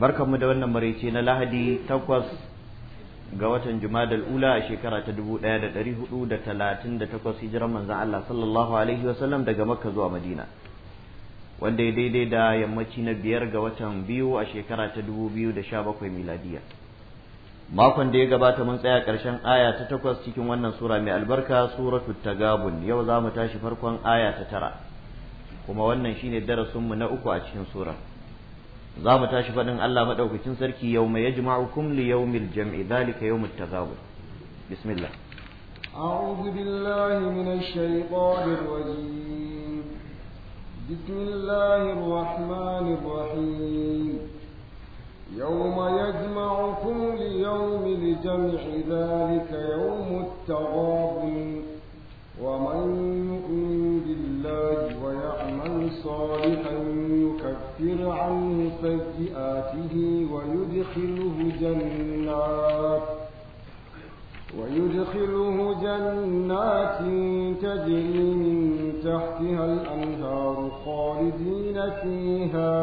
barkanmu da wannan maraice na lahadi takwas ga watan jumadal ula a shekara ta dubu ɗaya da ɗari hudu da talatin da takwas hijiran manzan Allah sallallahu alaihi wasallam daga makka zuwa madina wanda ya daidai da yammaci na biyar ga watan biyu a shekara ta dubu biyu da sha bakwai miladiya makon da ya gabata mun tsaya karshen aya ta takwas cikin wannan sura mai albarka suratu tagabun yau za mu tashi farkon aya ta tara kuma wannan shine darasinmu na uku a cikin surar za mu tashi faɗin Allah maɗaukacin sarki yau mai ya jima'ukum li yau mil jam'i zalika yau mil tagabun bismillah أعوذ بالله من الشيطان الرجيم بسم الله الرحمن الرحيم يوم يجمعكم ليوم الجمع ذلك يوم التغابن ومن يؤمن بالله ويعمل صالحا يكفر عن سيئاته ويدخله جنات ويدخله جنات تجري من تحتها الأنهار خالدين فيها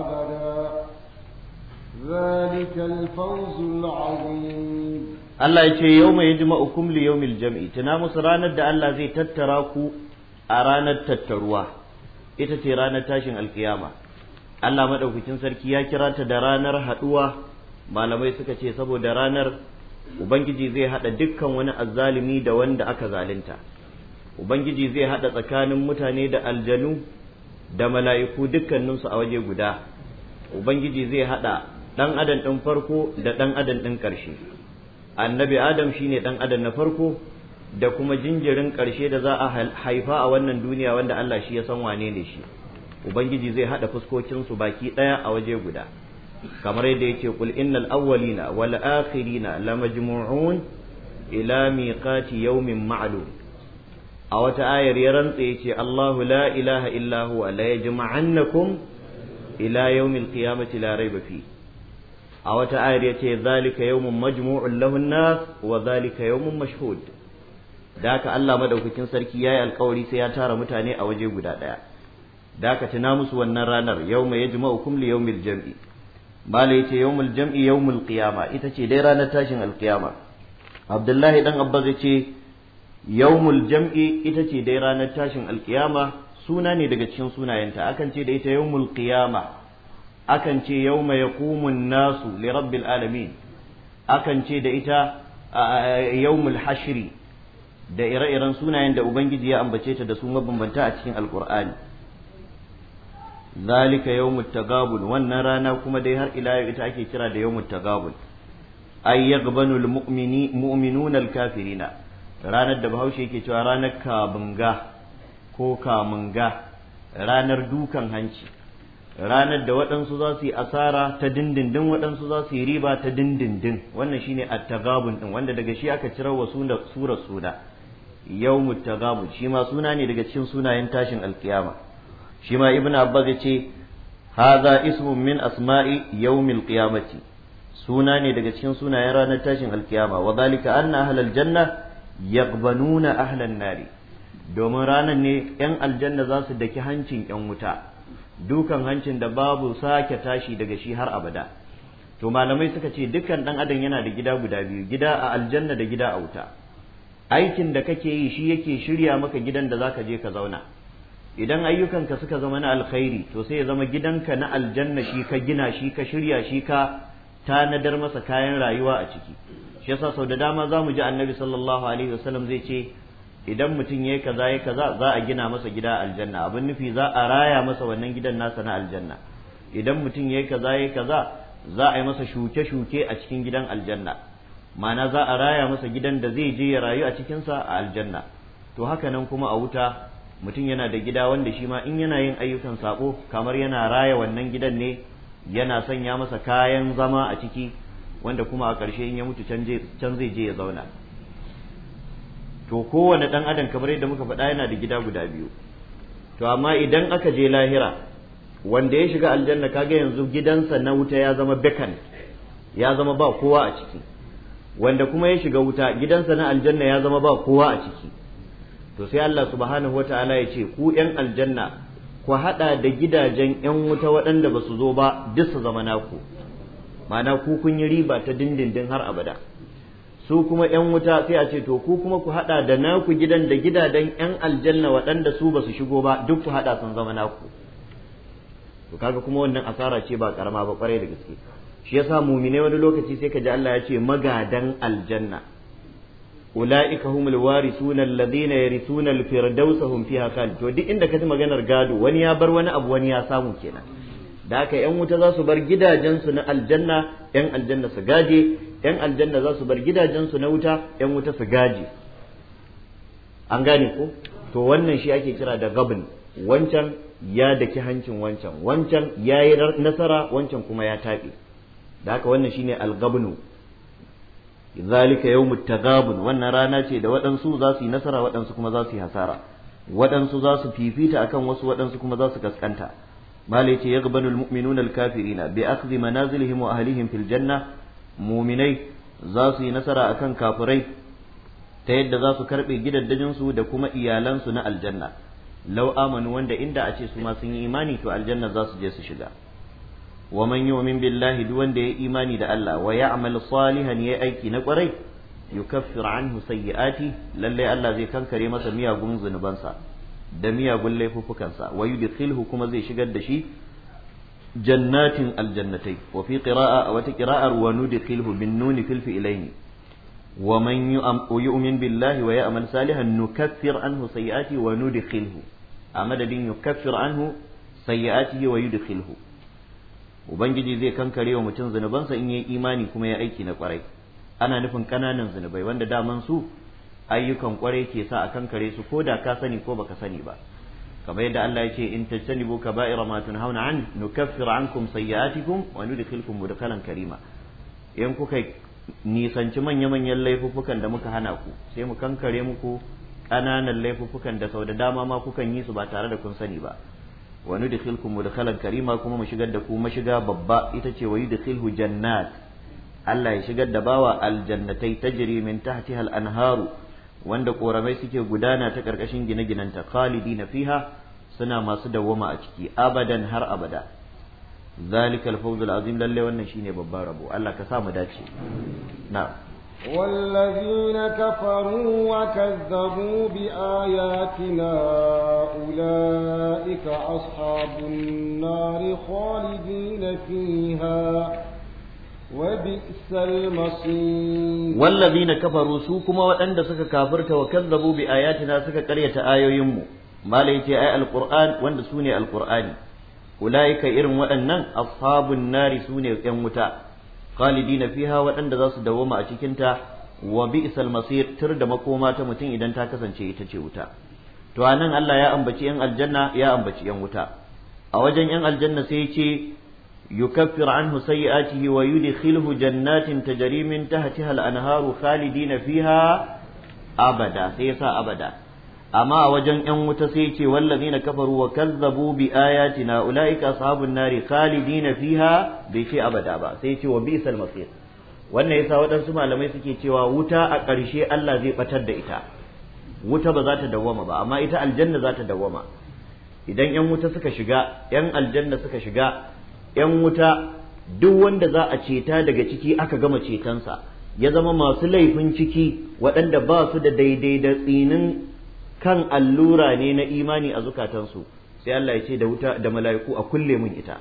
أبدا ذلك الفوز العظيم الله يجي يوم يجمعكم ليوم الجمع تنام سرانا دا الله زي تتراكو أرانا تتروا ita ce ranar tashin Allah madaukakin sarki ya kira ta da ranar haduwa malamai suka ce saboda ranar ubangiji zai haɗa dukkan wani azzalimi da wanda aka zalunta ubangiji zai haɗa tsakanin mutane da aljanu da mala'iku dukkaninsu a waje guda ubangiji zai haɗa dan adam din farko da dan adam din karshe annabi adam shine dan adam na farko da kuma jinjirin ƙarshe da za a haifa a wannan duniya wanda Allah shi ya san wane ne shi ubangiji zai hada fuskokinsu baki daya a waje guda kamar yadda yake kul innal awwalina wal akhirina lamajmu'un ila miqati yawmin ma'lum a wata ayar ya rantsa yace Allahu la ilaha illa huwa la yajma'annakum ila yawmil qiyamati la rayba fi a wata ayar yace zalika yawmun majmu'un lahun nas wa zalika yawmun mashhud da haka Allah madaukakin sarki yayi alkawari sai ya tara mutane a waje guda daya da aka tuna musu wannan ranar yau yaji ma'ukum li yawmil jam'i mala ce yawmul jam'i yawmul qiyama ita ce dai ranar tashin alqiyama abdullahi dan abbas ce yawmul jam'i ita ce dai ranar tashin alqiyama suna ne daga cikin sunayenta akan ce da ita yawmul qiyama akan ce yawma yaqumun nasu li rabbil alamin akan ce da ita yawmul hashri da ire-iren sunayen da ubangiji ya ambace ta da su mabambanta a cikin alqur'ani zalika yawmut tagabun wannan rana kuma dai har ila yau ita ake kira da yawmut tagabun ay yaghbanu al mu'minuna ranar da bahaushe yake cewa ranar kabunga ko ga. ranar dukan hanci ranar da waɗansu za su yi asara ta dindindin waɗansu za su yi riba ta dindindin wannan shine at-tagabun din wanda daga shi aka cirar wa surar suna yawmut tagabun shi suna ne daga cikin sunayen tashin alkiyama shi ma ibn abbas ya ce haza ismun min asma'i yawmil qiyamati suna ne daga cikin sunayen ranar tashin alkiyama wa zalika anna ahlal janna yaqbanuna ahlan nari domin ranar ne yan aljanna za su daki hancin yan wuta dukan hancin da babu sake tashi daga shi har abada to malamai suka ce dukkan dan adam yana da gida guda biyu gida a aljanna da gida a wuta aikin da kake yi shi yake shirya maka gidan da zaka je ka zauna idan ayyukanka suka zama na alkhairi to sai ya zama gidanka na aljanna shi ka gina shi ka shirya shi ka tanadar masa kayan rayuwa a ciki shi yasa sau da dama za mu ji annabi sallallahu alaihi wasallam zai ce idan mutum ya kaza ya kaza za a gina masa gida aljanna abin nufi za a raya masa wannan gidan nasa na aljanna idan mutum ya kaza ya kaza za a yi masa shuke-shuke a cikin gidan aljanna ma'ana za a raya masa gidan da zai je ya rayu a cikinsa a aljanna to haka nan kuma a wuta mutum yana da gida wanda shi ma in yana yin ayyukan sabo kamar yana raya wannan gidan ne yana sanya masa kayan zama a ciki wanda kuma a ƙarshe in ya mutu can zai je ya zauna to kowane ɗan adam kamar yadda muka faɗa yana da gida guda biyu to amma idan aka je lahira wanda ya shiga aljanna kaga yanzu gidansa na wuta ya zama bekan ya zama ba kowa a ciki wanda kuma ya shiga wuta gidansa na aljanna ya zama ba kowa a ciki to sai Allah subhanahu wata'ala ya ce ku yan aljanna ku hada da gidajen yan wuta waɗanda ba su zo ba duk su zama naku ma'ana ku kun yi riba ta dindindin har abada su kuma yan wuta sai a ce to ku kuma ku hada da naku gidan da gidajen yan aljanna waɗanda su ba su shigo ba duk ku hada sun zama naku to kaga kuma wannan asara ce ba karama ba kwarai da gaske shi yasa mumine wani lokaci sai ka ji Allah ya ce magadan aljanna ulaika humul warithuna alladhina yarithuna alfirdausa hum fiha khalid to duk inda kaji maganar gado wani ya bar wani abu wani ya samu kenan da haka yan wuta za su bar gidajensu na aljanna yan aljanna su gaje yan aljanna za su bar gidajensu na wuta yan wuta su gaje an gane ko to wannan shi ake kira da gabin wancan ya daki hancin wancan wancan ya yi nasara wancan kuma ya taɓe da aka wannan shine algabnu zalika yawmut tagabun wannan rana ce da waɗansu za su yi nasara waɗansu kuma za su yi hasara waɗansu za su fifita akan wasu waɗansu kuma za su kaskanta malai ce yaghbalu almu'minuna alkafirina bi akhdhi manazilihim wa ahlihim fil janna mu'minai za su yi nasara akan kafirai ta yadda za su karbe su da kuma iyalansu na aljanna lau amanu wanda inda a ce su ma sun yi imani to aljanna za su je su shiga wa man yu'min billahi duk wanda ya imani da Allah wa ya'mal salihan ya aiki na kwarai yukaffir anhu sayyi'ati lalle Allah zai kankare masa miyagun zunubansa da miyagun laifuffukansa wa yudkhilhu kuma zai shigar da shi jannatin aljannatai wa fi qira'a wa ta qira'ar wa nudkhilhu bin nun fil fi'laini wa man yu'min billahi wa ya'mal salihan nukaffir anhu sayyi'ati wa nudkhilhu a madadin yukaffir anhu sayyi'atihi wa yudkhilhu ubangiji zai kankare wa mutum zunubansa in ya yi imani kuma ya aiki na kwarai ana nufin kananan zunubai wanda daman su ayyukan kwarai ke sa a kankare su ko da ka sani ko baka sani ba kamar yadda Allah ya ce in tajtanibu kaba'ira ma tunhauna an nukaffir ankum sayyi'atikum wa da kalan karima in kuka nisanci manya-manyan laifuffukan da muka hana ku sai mu kankare muku ƙananan laifuffukan da sau da dama ma kukan yi su ba tare da kun sani ba wa nudkhilkum mudkhalan karima kuma mu shigar da ku mashiga babba ita ce wa yudkhilhu jannat Allah ya shigar da bawa aljannatai tajri min tahtiha al-anharu wanda koramai suke gudana ta karkashin gine ginen ta khalidina fiha suna masu dawwama a ciki abadan har abada zalika al-fawzul azim lalle wannan shine babban rabo Allah ka sa mu dace na'am والذين كفروا وكذبوا بآياتنا أولئك أصحاب النار خالدين فيها وبئس المصير والذين كفروا سوكما وأند سكا كافرت وكذبوا بآياتنا سكا قرية آيو يمو ما ليتي آية القرآن وأند سوني القرآن أولئك إرم وأنن أصحاب النار سوني يموتا khalidina fiha waɗanda za su dawoma a cikinta wa bi'sal masir tur da makoma ta mutum idan ta kasance ita ce wuta to anan Allah ya ambaci yan aljanna ya ambaci yan wuta a wajen yan aljanna sai ya ce yukaffir anhu sayyi'atihi wa yudkhiluhu jannatin tajri min tahtiha al-anharu khalidina fiha abada sai yasa abada amma a wajen yan wuta sai ce na kafaru wa kazzabu bi na ulaika ashabun nari khalidina fiha bai ce abada ba sai ce wa bisal masir wannan yasa waɗansu malamai suke cewa wuta a ƙarshe Allah zai batar da ita wuta ba za ta dawwama ba amma ita aljanna za ta dawwama idan yan wuta suka shiga yan aljanna suka shiga yan wuta duk wanda za a ceta daga ciki aka gama cetonsa ya zama masu laifin ciki waɗanda ba su da daidai da tsinin kan allura ne na imani a zukatansu sai Allah ya ce da wuta da mala'iku a kulle mun ita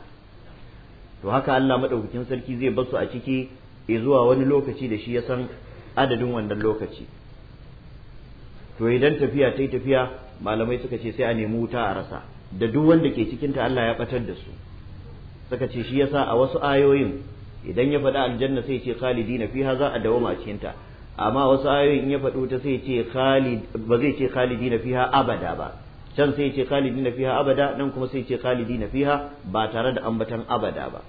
to haka Allah madaukakin sarki zai basu a ciki zuwa wani lokaci da shi ya san adadin wannan lokaci to idan tafiya ta yi tafiya malamai suka ce sai a nemi wuta a rasa da duk wanda ke cikinta Allah ya batar da su suka ce shi yasa a wasu ayoyin idan ya faɗi aljanna sai ce khalidina fiha za a dawoma a cikinta amma wasu ayoyin ya faɗo ta sai ce khalid ba zai ce na fiha abada ba can sai ce na fiha abada nan kuma sai ce na fiha ba tare da ambatan abada ba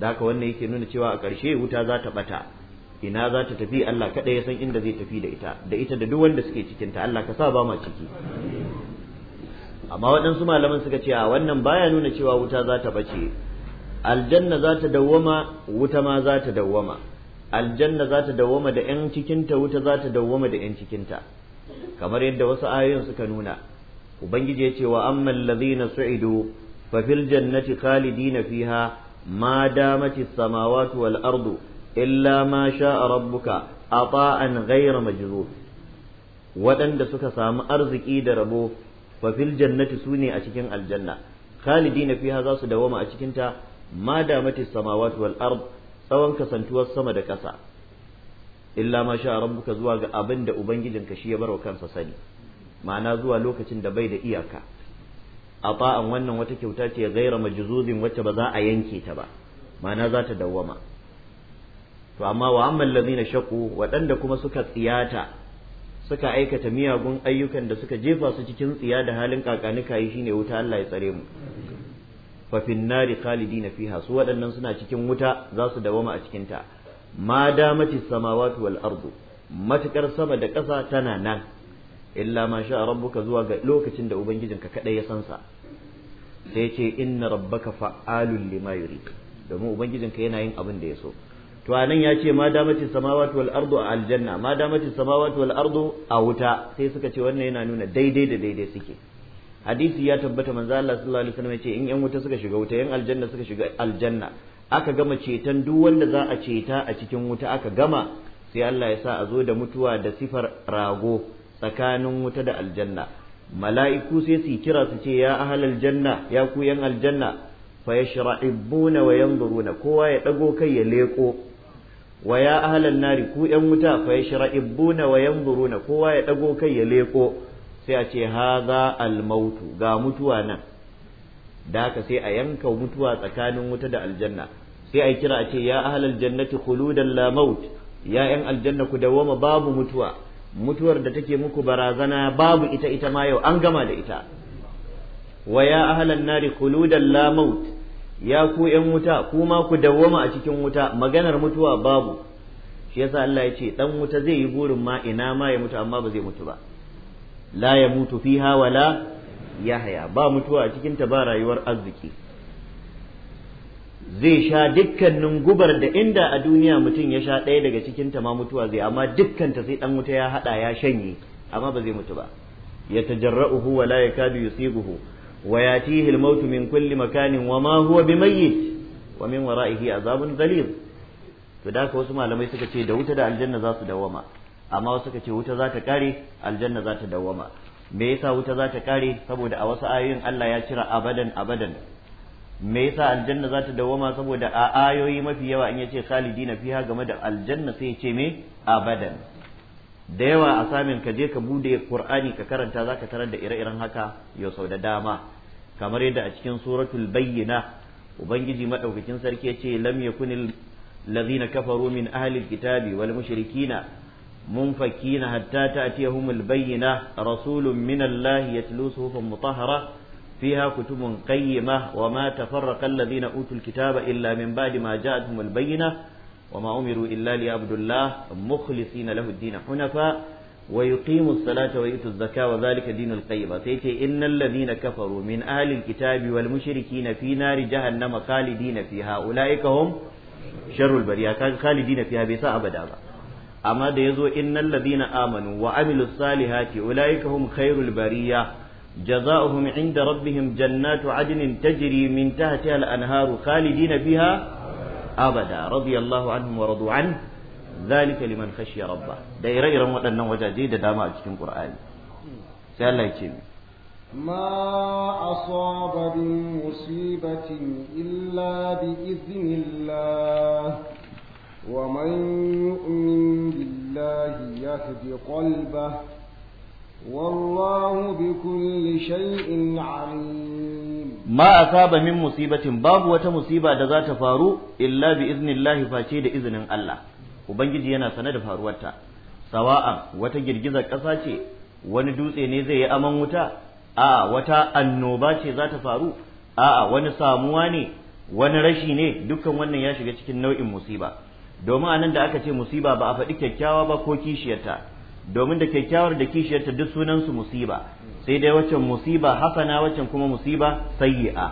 da haka wannan yake nuna cewa a ƙarshe wuta za ta bata ina za ta tafi Allah kaɗai ya san inda zai tafi da ita da ita da duk wanda suke cikin ta Allah ka sa ba ma ciki amma waɗansu malaman suka ce a wannan baya nuna cewa wuta za ta bace aljanna za ta dawwama wuta ma za ta dawwama aljanna za ta dawwama da 'yan cikinta wuta za ta dawwama da 'yan cikinta kamar yadda wasu ayoyin suka nuna ubangiji ya ce wa amman ladhina su'idu fa fil jannati khalidina fiha ma damati samawati wal ardu illa ma sha'a rabbuka ata'an ghayra majzub waɗanda suka samu arziki da rabo fa fil jannati sune a cikin aljanna khalidina fiha za su dawwama a cikinta ma damati samawati wal ardu tsawon kasantuwar sama da ƙasa illa ma sha rabbuka zuwa ga abin da ubangijinka shi ya barwa kansa sani ma'ana zuwa lokacin da bai da iyaka a ba'an wannan wata kyauta ce gaira majzuzin wacce ba za a yanke ta ba ma'ana za ta dawwama to amma wa amman ladina shaqu waɗanda kuma suka tsiyata suka aikata miyagun ayyukan da suka jefa su cikin tsiya da halin kakanika yi shine wuta Allah ya tsare mu fa fin nari khalidina fiha su waɗannan suna cikin wuta za su dawama a cikin ta ma damati samawati wal ardu matukar sama da ƙasa tana nan illa ma sha rabbuka zuwa ga lokacin da ubangijinka kadai ya san sa sai ce inna rabbaka fa'alun lima yurid domin ubangijinka yana yin abin da ya so to anan ya ce ma damati samawati wal ardu a aljanna ma damati samawati wal ardu a wuta sai suka ce wannan yana nuna daidai da daidai suke hadisi ya tabbata manzo Allah sallallahu alaihi wasallam ce in yan wuta suka shiga wuta yan aljanna suka shiga aljanna aka gama ceton duk wanda za a ceta a cikin wuta aka gama sai Allah ya sa a zo da mutuwa da sifar rago tsakanin wuta da aljanna mala'iku sai su kira su ce ya ahal aljanna ya ku yan aljanna fa yashra'ibuna wa yanzuruna kowa ya dago kai ya leko wa ya nari ku yan wuta fa yashra'ibuna wa yanzuruna kowa ya dago kai ya leko sai a ce haza almautu ga mutuwa nan da haka sai a yanka mutuwa tsakanin wuta da aljanna sai a kira a ce ya ahlal jannati khuludan la maut ya yan aljanna ku dawwama babu mutuwa mutuwar da take muku barazana babu ita ita ma yau an gama da ita wa ya ahlan nari khuludan la maut ya ku yan wuta kuma ku dawwama a cikin wuta maganar mutuwa babu shi yasa Allah ya ce dan wuta zai yi burin ma ina ma ya mutu amma ba zai mutu ba la ya mutu la ya haya ba mutuwa a cikin ta ba rayuwar arziki zai sha dukkanin gubar da inda a duniya mutum ya sha ɗaya daga cikin ta ma mutuwa zai amma dukkan ta sai ɗan wuta ya haɗa ya shanye amma ba zai mutu ba ya uhu wa la yakadu yusibuhu wa yatihi al-maut min kulli makanin wa ma huwa bimayyit wa min wara'ihi azabun ghalib to da ka wasu malamai suka ce da wuta da aljanna za su dawama amma wasu suka ce wuta za ta kare aljanna za ta dawwama me yasa wuta za ta kare saboda a wasu ayoyin Allah ya cira abadan abadan me yasa aljanna za ta dawwama saboda a ayoyi mafi yawa in yace khalidina fiha game da aljanna sai ya ce me abadan da yawa a samin ka je ka bude qur'ani ka karanta zaka tarar da ire-iren haka yau sau da dama kamar yadda a cikin suratul bayyina ubangiji madaukakin sarki yace ce lam yakunil ladhina kafaru min ahli alkitabi wal mushrikina منفكين حتى تأتيهم البينة رسول من الله يتلو صحفا مطهرة فيها كتب قيمة وما تفرق الذين أوتوا الكتاب إلا من بعد ما جاءتهم البينة وما أمروا إلا ليعبدوا الله مخلصين له الدين حنفاء ويقيموا الصلاة ويؤتوا الزكاة وذلك دين القيمة سيتي إن الذين كفروا من أهل الكتاب والمشركين في نار جهنم خالدين فيها أولئك هم شر البرية خالدين فيها بيساء أبدا amma da ya zo innan ladina amanu wa amilu salihati ulaika hum khairul bariya jaza'uhum inda rabbihim jannatu adnin tajri min tahtiha al-anharu khalidin biha abada radiyallahu anhum wa radu an dhalika liman khashiya rabba da ire-iren waɗannan wajaje da dama a cikin qur'ani sai Allah yake mi ما أصاب من مصيبة إلا ومن يؤمن بالله يهد قلبه والله بكل شيء عليم ما أصاب من مصيبة باب وتمصيبة دغات تفارو إلا بإذن الله فاشيد إذن الله وبنجد ينا سند فاروتا سواء sawa'an wata girgizar ƙasa ce, wani dutse a wata annoba ce za ta faru, a wani samuwa ne, wani rashi ne, dukkan wannan ya shiga cikin nau'in musiba. domin anan da aka ce musiba ba a faɗi kyakkyawa ba ko kishiyarta domin da kyakkyawar da kishiyarta duk sunansu musiba sai dai waccan musiba hasana waccan kuma musiba sayyi'a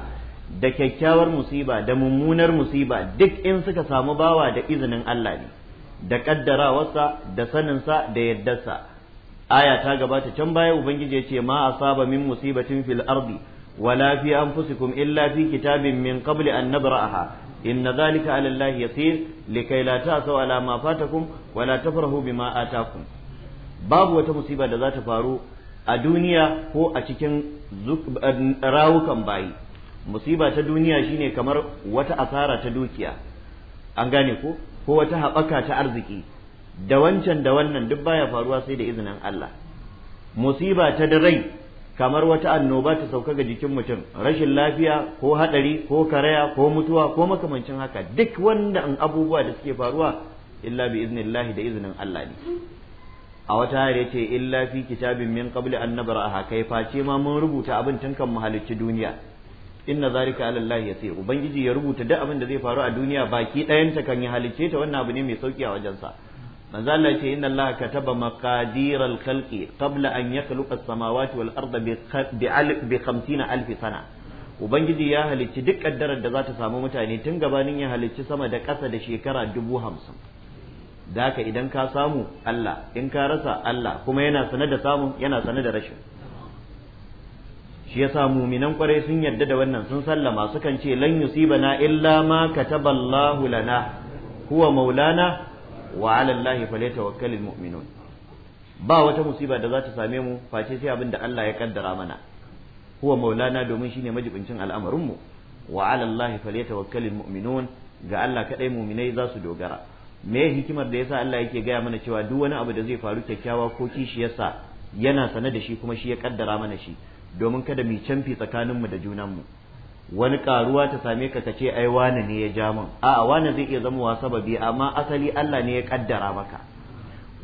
da kyakkyawar musiba da mummunar musiba duk in suka samu bawa da izinin Allah ne da kaddarawarsa da saninsa da yaddarsa aya ta gabata can baya ubangiji ya ce ma asaba min musibatin fil ardi wala fi anfusikum illa fi kitabin min qabli an nabra'aha inna zalika ala Allah yasir likai la ta'sau ala ma fatakum wa la tafrahu bima atakum babu wata musiba da za ta faru a duniya ko a cikin rawukan bayi musiba ta duniya shine kamar wata asara ta dukiya an gane ko ko wata haɓaka ta arziki da wancan da wannan duk baya faruwa sai da izinin Allah musiba ta da rai kamar wata annoba ta sauka ga jikin mutum rashin lafiya ko hadari ko karaya ko mutuwa ko makamancin haka duk wanda an abubuwa da suke faruwa illa bi iznillahi da iznin Allah ne a wata har yace illa fi kitabin min qabli an nabraha kai face ma mun rubuta abin tun kan mahalicci duniya inna zalika ala Allah yasir ubangiji ya rubuta duk abin da zai faru a duniya baki ta kan yi halicce ta wannan abu ne mai sauki a wajensa manzo Allah ce inna Allah kataba maqadir al-khalqi qabla an yakhluqa as-samawati wal arda bi 50 alf sana ubangiji ya halicci duk kaddarar da za ta samu mutane tun gabanin ya halicci sama da ƙasa da shekara dubu hamsin da idan ka samu Allah in ka rasa Allah kuma yana sane da samun yana sane da rashin shi yasa muminan kwarai sun yarda da wannan sun sallama sukan ce lan yusibana illa ma kataballahu lana huwa maulana wa ala Allahi falyatawakkalul mu'minun ba wata musiba da za ta same mu face sai abin da Allah ya kaddara mana huwa maulana domin shine majibincin al'amarin mu wa ala Allahi falyatawakkalul mu'minun ga Allah kadai mu'minai za su dogara me hikimar da yasa Allah yake gaya mana cewa duk wani abu da zai faru kyakkyawa ko kishi yasa yana sane da shi kuma shi ya kaddara mana shi domin kada mu canfi tsakaninmu da junanmu mu wani karuwa ta same ka kace ai wani ne ya ja min a'a wani zai iya zama sababi amma asali Allah ne ya kaddara maka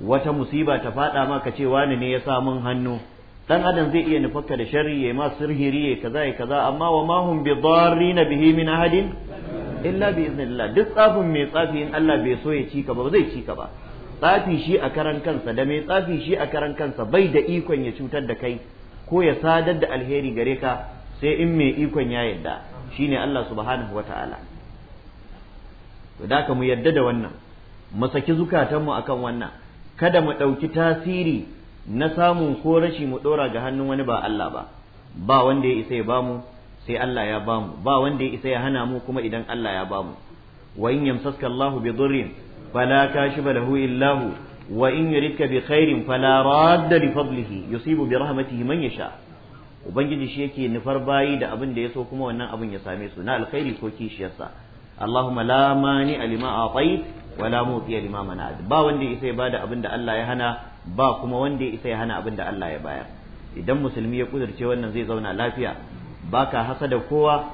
wata musiba ta fada maka ce wani ne ya sa mun hannu dan adam zai iya nufarka da sharri yayi ma sirhiri kaza yayi kaza amma wa ma hum bidarrina bihi min ahadin illa bi iznillah duk tsafin mai tsafi in Allah bai so ya ci ka ba zai ci ba tsafi shi a karan kansa da mai tsafi shi a karan kansa bai da ikon ya cutar da kai ko ya sadar da alheri gare ka sai in mai ikon ya yarda shine Allah subhanahu wataala to da ka mu yarda da wannan mu saki zukatanmu akan wannan kada mu ɗauki tasiri na samun ko rashi mu ɗora ga hannun wani ba Allah ba ba wanda ya isa ya bamu sai Allah ya bamu ba wanda ya isa ya hana mu kuma idan Allah ya bamu wa in yamsaska Allahu bi dhurrin fala kashifa lahu illa wa in yuridka bi khairin fala radda li fadlihi yusibu bi rahmatihi man yasha' ubangiji shi yake nufar bayi da abin da ya so kuma wannan abin ya same su na alkhairi ko kishiyarsa Allahumma la mani alima atai wa la muti alima manad ba wanda ya isa bada abin da Allah ya hana ba kuma wanda ya isa ya hana abin da Allah ya bayar idan musulmi ya kudurce wannan zai zauna lafiya baka hasada kowa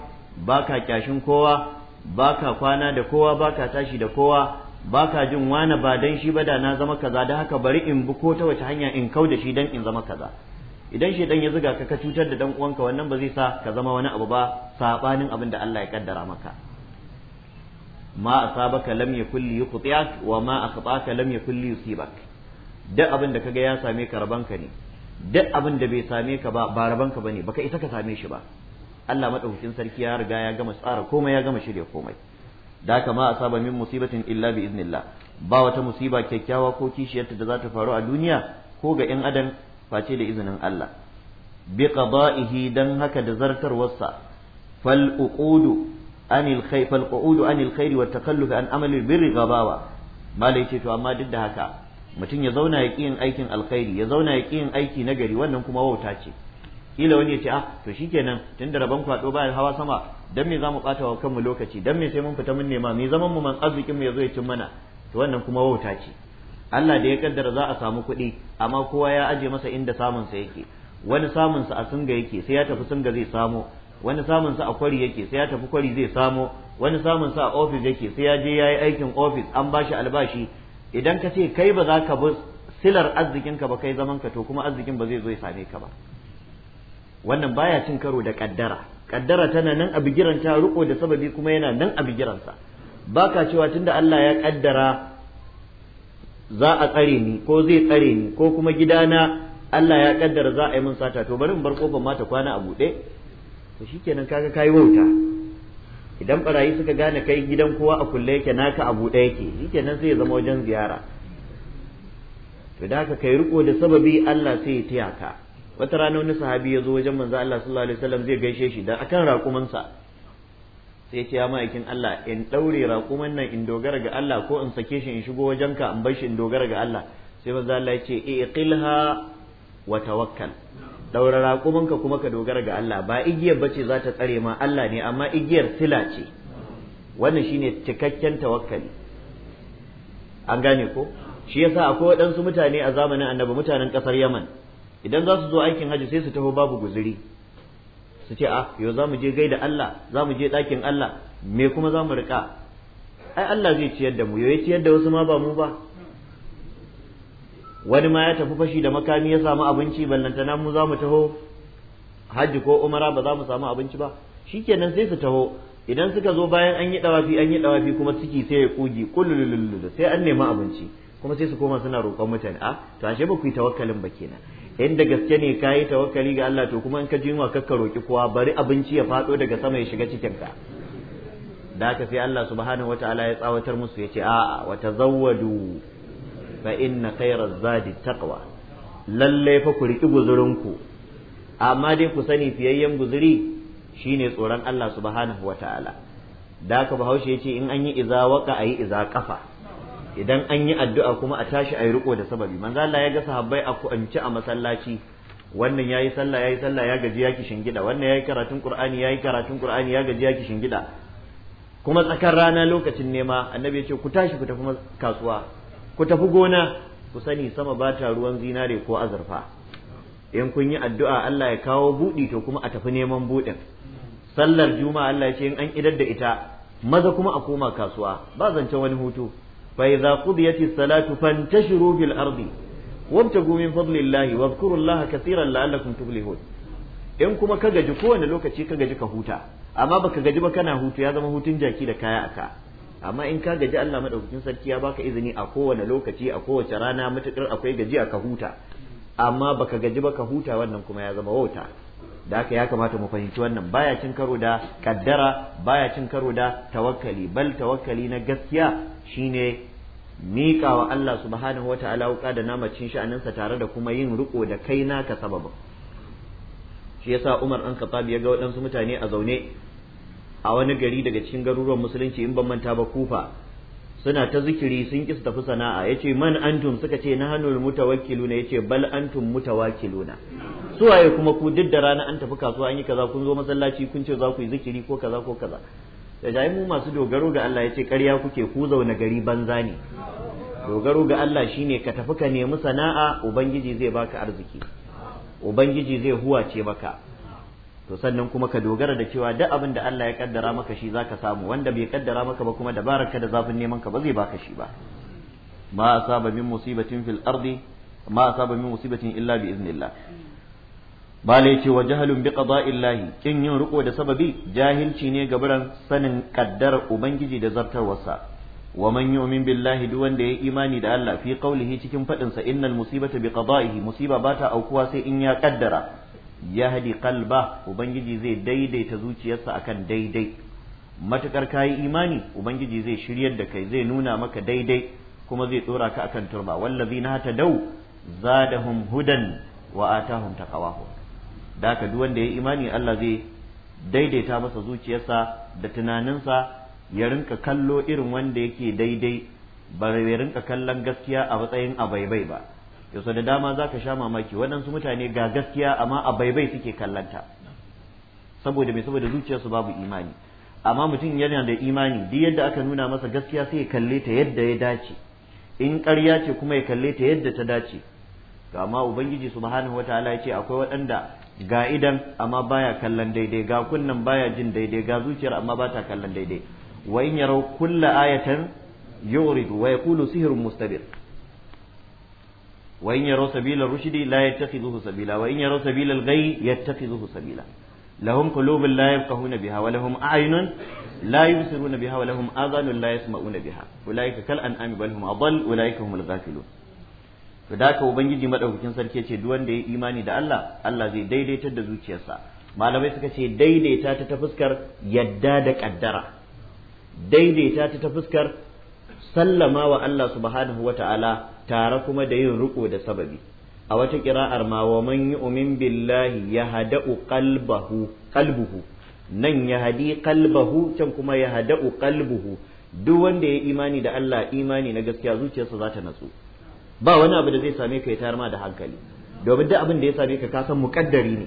baka kyashin kowa baka kwana da kowa baka tashi da kowa baka jin wani ba dan shi ba da na zama kaza da haka bari in bi ko ta wace hanya in kau da shi dan in zama kaza idan shedan ya zuga ka ka cutar da dan uwanka wannan ba zai sa ka zama wani abu ba sabanin abin da Allah ya kaddara maka ma asabaka lam yakul li yuqti'ak wa ma akhtaka lam yakul li yusibak duk abin da kaga ya same ka rabanka ne duk abin da bai same ka ba ba rabanka bane baka isa ka same shi ba Allah madaukakin sarki ya riga ya gama tsara komai ya gama shirya komai da kama asaba min musibatin illa bi iznillah ba wata musiba kyakkyawa ko kishiyarta da za ta faru a duniya ko ga 'yan adam face da izinin Allah bi qada'ihi dan haka da zartarwarsa fal uqudu anil khayr fal qu'udu anil wa takalluf an amali birri gabawa malai ce to amma duk da haka mutum ya zauna ya yin aikin alkhairi ya zauna ya yin aiki nagari wannan kuma wauta ce kila wani ya ce ah to shikenan tunda rabon kwado ba hawa sama dan me zamu bata wa kanmu lokaci dan me sai mun fita mun nema me zaman mu man arzikin mu yazo ya cin mana to wannan kuma wauta ce Allah da ya kaddara za a samu kuɗi amma kowa ya aje masa inda samun sa yake wani samun sa a singa yake sai ya tafi singa zai samo wani samun sa a kwari yake sai ya tafi kwari zai samo wani samun sa a ofis yake sai ya je ya yi aikin ofis an bashi albashi idan ka ce kai ba za ka bi silar ka ba kai zaman ka to kuma arzikin ba zai zo ya same ka ba wannan baya cin karo da kaddara kaddara tana nan a bigiranta riko da sababi kuma yana nan a bigiransa baka cewa tunda Allah ya kaddara za a tsare ni ko zai tsare ni ko kuma gidana Allah ya kaddara za a yi min sata to bari mu bar kofar mata kwana a buɗe to shikenan kaga kai wauta idan barayi suka gane kai gidan kowa a kulle yake naka a buɗe yake shikenan sai ya zama wajen ziyara to da haka kai riko da sababi Allah sai ya tiyaka wata rana wani sahabi ya zo wajen manzo Allah sallallahu alaihi wasallam zai gaishe shi da akan raƙumansa sai ya ya ma'aikin Allah in daure raƙuman nan in dogara ga Allah ko in sake shi in shigo wajenka in bar shi in dogara ga Allah sai manzo Allah ya ce iqilha wa tawakkal daura raƙumanka kuma ka dogara ga Allah ba igiyar bace za ta tsare ma Allah ne amma igiyar sila ce wannan shine cikakken tawakkali an gane ko shi yasa akwai waɗansu mutane a zamanin annabi mutanen ƙasar yaman idan za su zo aikin hajji sai su taho babu guzuri su ce a ah, yau za mu je gaida Allah za mu je ɗakin Allah me kuma za mu riƙa ai Allah zai ciyar da mu yau ya ciyar da wasu ma ba mu ba wani ma ya tafi fashi da makami ya samu abinci ballantana mu za mu taho hajji ko umara ba za mu samu abinci ba shikenan sai su taho idan suka zo bayan an yi dawafi an yi dawafi kuma ciki sai ya kugi kullululululu sai an nemi abinci kuma sai su koma suna roƙon mutane a ah, to ashe ba ku yi tawakkalin ba kenan inda gaske ne kayi tawakkali ga Allah to kuma in ka jinwa kakka roki kowa bari abinci ya fado daga sama ya shiga cikin ka da haka sai Allah subhanahu wataala ya tsawatar musu yace a'a wa tazawwadu fa inna khayra zadi taqwa lalle fa ku riki guzurinku amma dai ku sani fiyayyen guzuri shine tsoron Allah subhanahu wataala da haka bahaushe yace in an yi iza waka ayi iza kafa idan an yi addu'a kuma a tashi a yi riko da sababi manzo Allah ya ga sahabbai a kwance a masallaci wannan yayi sallah yayi sallah ya gaji ya ki gida wannan yayi karatun qur'ani yayi karatun qur'ani ya gaji ya ki gida kuma tsakar rana lokacin nema annabi ya ce ku tashi ku tafi kasuwa ku tafi gona ku sani sama ba ta ruwan zinare ko azurfa in kun yi addu'a Allah ya kawo buɗi to kuma a tafi neman buɗin sallar juma'a Allah ya ce in an idar da ita maza kuma a koma kasuwa ba zancen wani hutu fa idza qudiyati salatu fantashiru bil ardi wabtagu min fadlillahi wadhkuru allaha katsiran la'allakum tuflihun in kuma ka gaji kowane lokaci ka gaji ka huta amma baka gaji ba kana hutu ya zama hutun jaki da kaya aka amma in ka gaji Allah madaukakin sarki ya baka izini a kowane lokaci a kowace rana mutukar akwai gaji aka huta amma baka gaji ba ka huta wannan kuma ya zama wauta da haka ya kamata mu fahimci wannan baya cin karo da kaddara baya cin karo da tawakkali bal tawakkali na gaskiya shine miƙa wa Allah subhanahu wa ta'ala wuka da namacin sha'aninsa tare da kuma yin riko da kai naka sababin shi yasa Umar an Khattab ya ga waɗansu mutane a zaune a wani gari daga cikin garuruwan musulunci in ban manta ba Kufa suna ta zikiri sun ki su tafi sana'a yace man antum suka ce na hanul mutawakkiluna yace bal antum mutawakkiluna suwaye kuma ku duk da rana an tafi kasuwa an yi kaza kun zo masallaci kun ce za ku yi zikiri ko kaza ko kaza da ga mu masu dogaro ga Allah ya ce ƙarya kuke ku zauna gari banza ne dogaro ga Allah shine ka tafi ka nemi sana'a ubangiji zai baka arziki ubangiji zai huwace maka to sannan kuma ka dogara da cewa duk abin da Allah ya kaddara maka shi zaka samu wanda bai kaddara maka ba kuma baraka da zafin neman ka ba zai baka shi ba ma asaba min musibatin fil ardi ma asaba min musibatin illa bi iznillah bala cewa wa jahalun bi illahi kin yin riko da sababi jahilci ne gaburan sanin kaddarar ubangiji da zartarwarsa wa man yu'min billahi duk wanda ya imani da Allah fi qawlihi cikin fadin sa innal musibata bi qada'ihi musiba bata aukuwa sai in ya kaddara yahdi qalba ubangiji zai daidaita zuciyarsa akan daidai matukar kayi imani ubangiji zai shiryar da kai zai nuna maka daidai kuma zai tsora ka akan turba wallazina hatadau zadahum hudan wa atahum taqawahum da haka duk wanda ya imani Allah zai daidaita masa zuciyarsa da tunaninsa ya rinka kallo irin wanda yake daidai ba ya rinka kallon gaskiya a matsayin abaibai ba yau da dama za ka sha mamaki waɗansu mutane ga gaskiya amma abaibai suke kallanta saboda mai saboda zuciyarsu babu imani amma mutum yana da imani duk yadda aka nuna masa gaskiya sai ya kalle ta yadda ya dace in ƙarya ce kuma ya kalle ta yadda ta dace gama amma ubangiji subhanahu wata ya ce akwai waɗanda ga idan amma baya kallon daidai ga kunnan baya jin daidai ga zuciyar amma ba ta kallon daidai wa in yarau kulla ayatan yu'ridu wa yaqulu sihrun mustabir wa in yarau sabila rushdi la yattakhidhuhu sabila wa in yarau sabila al-ghayy yattakhidhuhu sabila lahum qulubun la yafqahuna biha wa lahum a'yunun la yubsiruna biha wa lahum adhanun la yasma'una biha ulaika kal an'ami bal hum adall ulaika humul ghafilun to da ka ubangiji madaukakin sarki yace duk wanda ya imani da Allah Allah zai daidaita da zuciyarsa malamai suka ce daidaita ta ta fuskar yadda da kaddara daidaita ta ta fuskar sallama wa Allah subhanahu wata'ala tare kuma da yin riko da sababi a wata kira'ar ma wa man yu'min billahi yahda'u qalbahu qalbuhu nan yahdi qalbahu can kuma yahda'u qalbuhu duk wanda ya imani da Allah imani na gaskiya zuciyarsa za ta natsu ba wani abu da zai same ka ya tayar ma da hankali domin duk abin da ya same ka ka san muƙaddari ne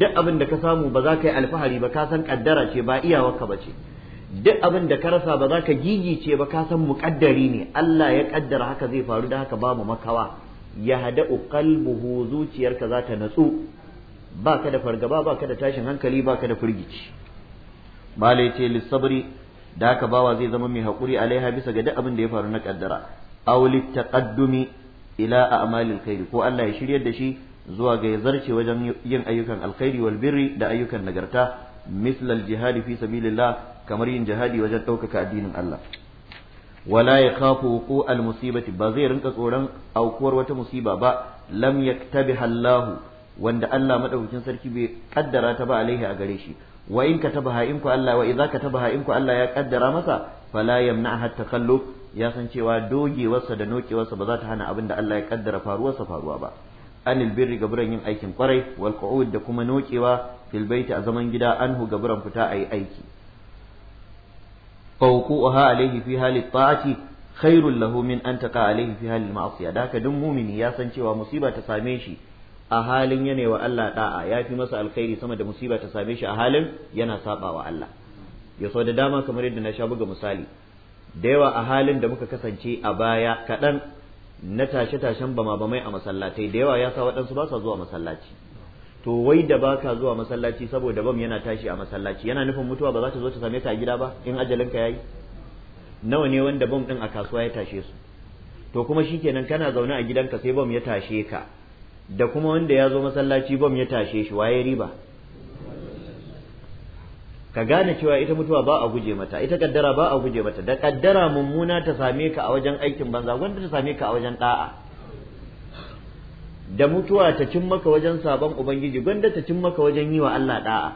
duk abin da ka samu ba za ka yi alfahari ba ka san kaddara ce ba iyawarka ba duk abin da ka rasa ba za ka gigice ba ka san muƙaddari ne Allah ya kaddara haka zai faru da haka babu makawa ya hada qalbuhu zuciyarka za ta natsu ba ka da fargaba ba ka da tashin hankali ba ka da firgici malai ce lissabri da haka bawa zai zama mai haƙuri alaiha bisa ga duk abin da ya faru na kaddara aw litaqaddumi ila a'malil khairi ko Allah ya shiryar da shi zuwa ga ya wajen yin ayyukan alkhairi wal birri da ayyukan nagarta mislal jihadi fi sabilillah kamar yin jihadi wajen ɗaukaka addinin Allah wala ya kafu ko al musibati ba zai rinka tsoron aukuwar wata musiba ba lam yaktabi Allahu wanda Allah madaukakin sarki bai kaddara ta ba alaihi a gare shi wa in katabaha in ku Allah wa idza katabaha in ku Allah ya kaddara masa fala yamna'ha kallo. ya san cewa dogewarsa da nokewarsa ba za ta hana abin da Allah ya kaddara faruwarsa faruwa ba anil birri gaburan yin aikin kwarai wal qu'ud da kuma nokewa fil baiti a zaman gida anhu gaburan fita ayi aiki fawquha alayhi fi hali ta'ati khairul lahu min an taqa alayhi fi hali ma'asiya da haka duk mumini ya san cewa musiba ta same shi a halin yana wa Allah da'a ya fi masa alkhairi sama da musiba ta same shi a halin yana saba wa Allah ya so da dama kamar yadda na sha buga misali da yawa a halin da muka kasance a baya kaɗan na tashe-tashen bama ba mai a masallatai da yawa ya sa waɗansu ba sa zuwa masallaci to wai da ba ka zuwa masallaci saboda bam yana tashi a masallaci yana nufin mutuwa ba za ta zo ta same ka a gida ba in ajalinka ya yi nawa ne wanda bam ɗin a kasuwa ya tashe su to kuma shikenan kana zaune a gidanka sai bam ya tashe ka da kuma wanda ya zo masallaci bam ya tashe shi waye riba ka gane cewa ita mutuwa ba a guje mata ita kaddara ba a guje mata da kaddara mummuna ta same ka a wajen aikin banza wanda ta same ka a wajen da'a da mutuwa ta cin maka wajen sabon ubangiji gwanda ta cin maka wajen yi wa Allah da'a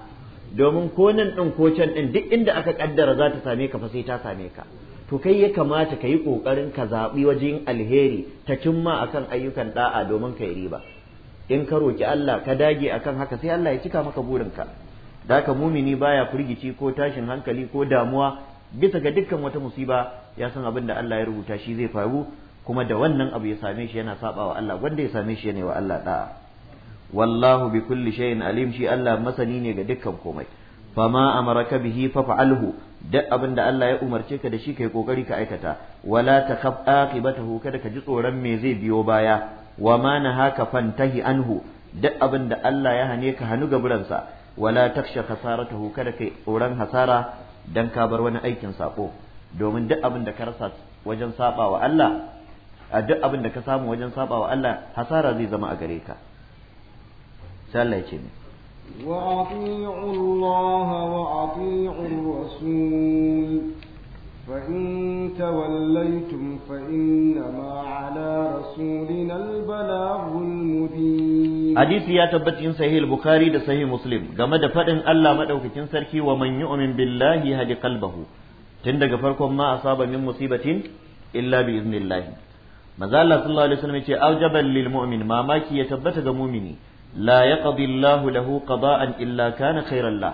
domin ko nan din ko can din duk inda aka kaddara za ta same ka fa sai ta same ka to kai ya kamata ka yi kokarin ka zaɓi wajen alheri ta cimma akan ayyukan da'a domin ka yi riba in ka roki Allah ka dage akan haka sai Allah ya cika maka burinka da haka mumini baya firgici ko tashin hankali ko damuwa bisa ga dukkan wata musiba ya san abin da Allah ya rubuta shi zai faru kuma da wannan abu ya same shi yana saba wa Allah wanda ya same shi yana wa Allah da wallahu bi kulli shay'in alim shi Allah masani ne ga dukkan komai fama amaraka bihi fa'alhu duk abin da Allah ya umarce ka da shi kai kokari ka aikata wala ta takhaf aqibatahu kada ka ji tsoron me zai biyo baya wa ma nahaka fantahi anhu duk abin da Allah ya hane ka hanu gaburansa wala taksha khasaratahu kada kai tsoron hasara dan ka bar wani aikin sako domin duk abin da ka rasa wajen saba wa Allah a duk abin da ka samu wajen saba wa Allah hasara zai zama a gare ka sai Allah ya ce ni وأطيعوا الله وأطيعوا الرسول فإن توليتم فإنما rasulina رسولنا البلاغ المبين hadisi ya tabbata in sahih bukhari da sahih muslim game da fadin Allah madaukakin sarki wa man yu'min billahi hadi qalbahu tun daga farkon ma asaba min musibatin illa bi iznillah manzo Allah sallallahu alaihi wasallam lil mu'min mamaki ya tabbata ga mu'mini la yaqdi Allah lahu qada'an illa kana khairan la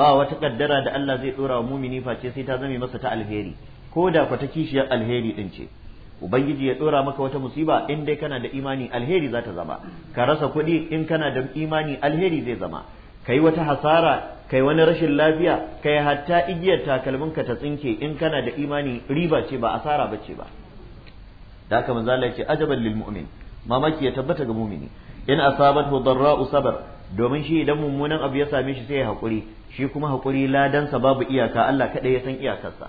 ba wata kaddara da Allah zai dora wa mu'mini face sai ta zame masa ta alheri ko da kwata kishiyar alheri din ce ubangiji ya dora maka wata musiba in dai kana da imani alheri za ta zama ka rasa kuɗi in kana da imani alheri zai zama ka yi wata hasara kai wani rashin lafiya ka yi hatta igiyar takalminka ta tsinke in kana da imani riba ce ba asara ba ce ba da aka manzala ce ajaban lil mamaki ya tabbata ga mu'mini in asabathu darra'u sabar domin shi idan mummunan abu ya same shi sai ya haƙuri shi kuma haƙuri ladansa babu iyaka Allah kaɗai ya san iyakarsa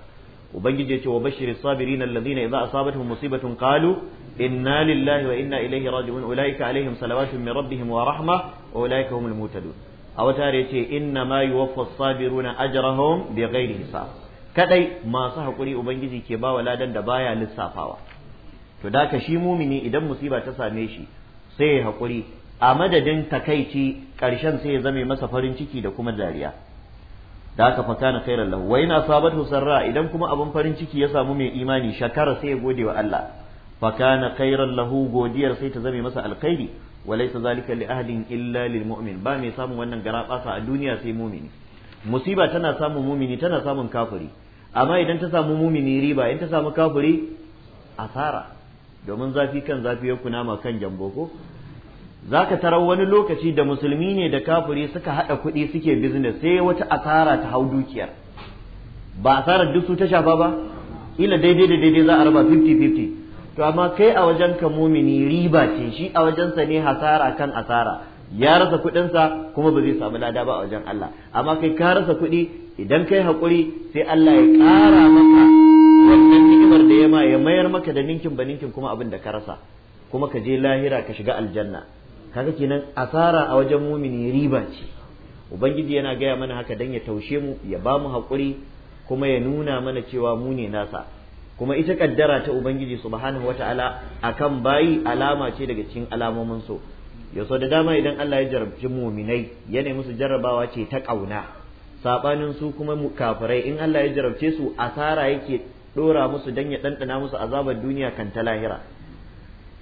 ubangiji ya ce wa bashirin sabirin allazina idza asabatuhum musibatun qalu inna lillahi wa inna ilaihi raji'un ulaika alaihim salawatun min rabbihim wa rahma wa ulaika humul muhtadun a wata ya ce inna ma yuwaffa sabiruna ajrahum bighairi hisab kadai masu hakuri ubangiji ke ba wa ladan da baya lissafawa to da ka shi mumini idan musiba ta same shi sai ya hakuri a madadin takaici karshen sai ya zame masa farin ciki da kuma dariya da haka fa kana khairan lahu wa ina sabathu sarra idan kuma abin farin ciki ya samu mai imani shakara sai ya gode wa Allah fa kana khairan lahu godiyar sai ta zame masa alkhairi wa laysa zalika li ahlin illa lil mu'min ba mai samun wannan garabasa a duniya sai mumini musiba tana samun mumini tana samun kafiri amma idan ta samu mumini riba in ta samu kafiri asara domin zafi kan zafi ya kunama kan jambo ko za ka tarar wani lokaci da musulmi ne da kafuri suka haɗa kuɗi suke biznes sai wata asara ta hau dukiyar ba asarar duk su ta shafa ba ila daidai da daidai za a raba 50-50 to amma kai a wajen ka mumini riba ce shi a wajensa ne hasara kan asara ya rasa kuɗinsa kuma ba zai samu lada ba a wajen Allah amma kai ka rasa kuɗi idan kai haƙuri sai Allah ya ƙara maka wannan ni'imar da ya ma ya mayar maka da ninkin ba ninkin kuma abin da ka rasa kuma ka je lahira ka shiga aljanna kaga kenan asara a wajen mumini riba ce ubangiji yana gaya mana haka dan ya taushe mu ya ba mu haƙuri kuma ya nuna mana cewa mu ne nasa kuma ita kaddara ta ubangiji subhanahu wataala akan bayi alama ce daga cikin alamomin so ya da dama idan Allah ya jarabci muminai ya musu jarrabawa ce ta kauna sabanin su kuma kafirai in Allah ya jarabce su asara yake dora musu dan ya ɗanɗana musu azabar duniya kan ta lahira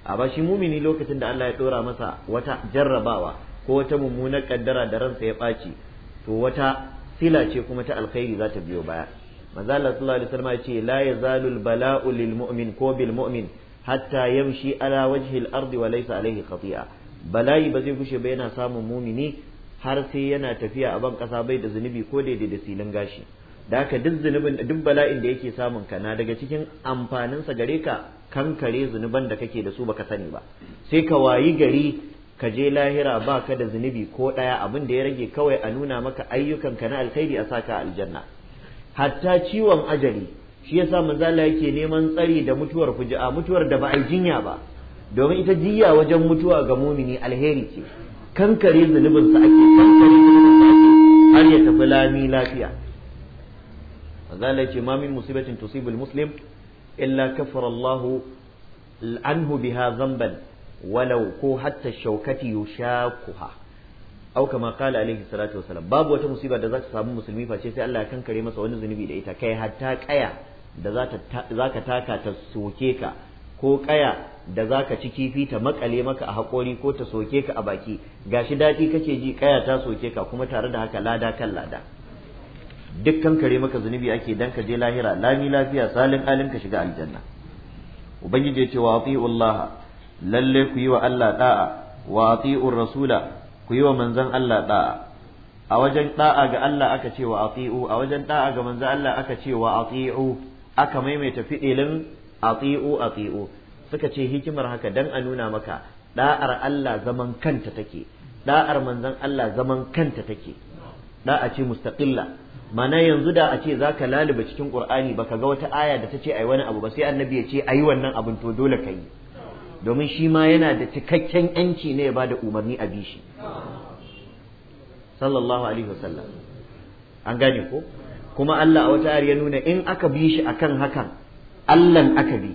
amma shi mumini lokacin da Allah ya dora masa wata jarrabawa ko wata mummunar kaddara da ransa ya ɓaci to wata sila ce kuma ta alkhairi za ta biyo baya manzo Allah sallallahu alaihi wasallam ya ce la yazalul bala'u lil mu'min ko bil mu'min hatta yamshi ala wajhi al-ardi wa laysa alaihi khati'a bala'i ba zai gushe ba yana samun mumini har sai yana tafiya a ban kasa bai da zunubi ko daidai da silin gashi da haka duk zunubin duk bala'in da yake samun ka na daga cikin amfaninsa gare ka kankare zunuban da kake da su baka sani ba sai ka wayi gari ka je lahira ba ka da zunubi ko ɗaya abin da ya rage kawai a nuna maka ayyukan ka na alkhairi a saka aljanna hatta ciwon ajali shi yasa manzala yake neman tsari da mutuwar fuji'a mutuwar da ba a jinya ba domin ita jiya wajen mutuwa ga mumini alheri ce kankare zunubinsa ake kankare zunubinsa ake har ya tafi lami lafiya manzala ce ma min musibatin tusibul muslim illa kafara Allah anhu biha zamban walau ko hatta shaukati yushakuha au kama qala alaihi salatu wasalam babu wata musiba da za ta samu musulmi face sai Allah ya kankare masa wani zunubi da ita kai hatta kaya da za ka taka ta soke ka ko kaya da za ka ci kifi ta makale maka a haƙori ko ta soke ka a baki gashi daɗi kake ji kaya ta soke ka kuma tare da haka lada kan lada dukkan kare maka zunubi ake dan ka je lahira lami lafiya salin alin ka shiga aljanna ubangiji ya ce wa ati'u Allah lalle ku yi wa Allah da'a wa ati'u rasula ku yi wa manzon Allah da'a a wajen da'a ga Allah aka ce wa ati'u a wajen da'a ga manzon Allah aka ce wa ati'u aka maimaita fi'ilin ati'u ati'u suka ce hikimar haka dan a nuna maka da'ar Allah zaman kanta take da'ar manzon Allah zaman kanta take da'a ce mustaqilla mana yanzu da a ce za ka laliba cikin ƙur'ani baka ga wata aya da ta ce a yi wani abu ba sai annabi ya ce yi wannan abin to dole ka yi domin shi ma yana da cikakken yanci na ya ba da umarni a bi shi sallallahu alaihi wasallam an gane ko kuma Allah a wata ya nuna in aka bi shi akan hakan Allahn aka bi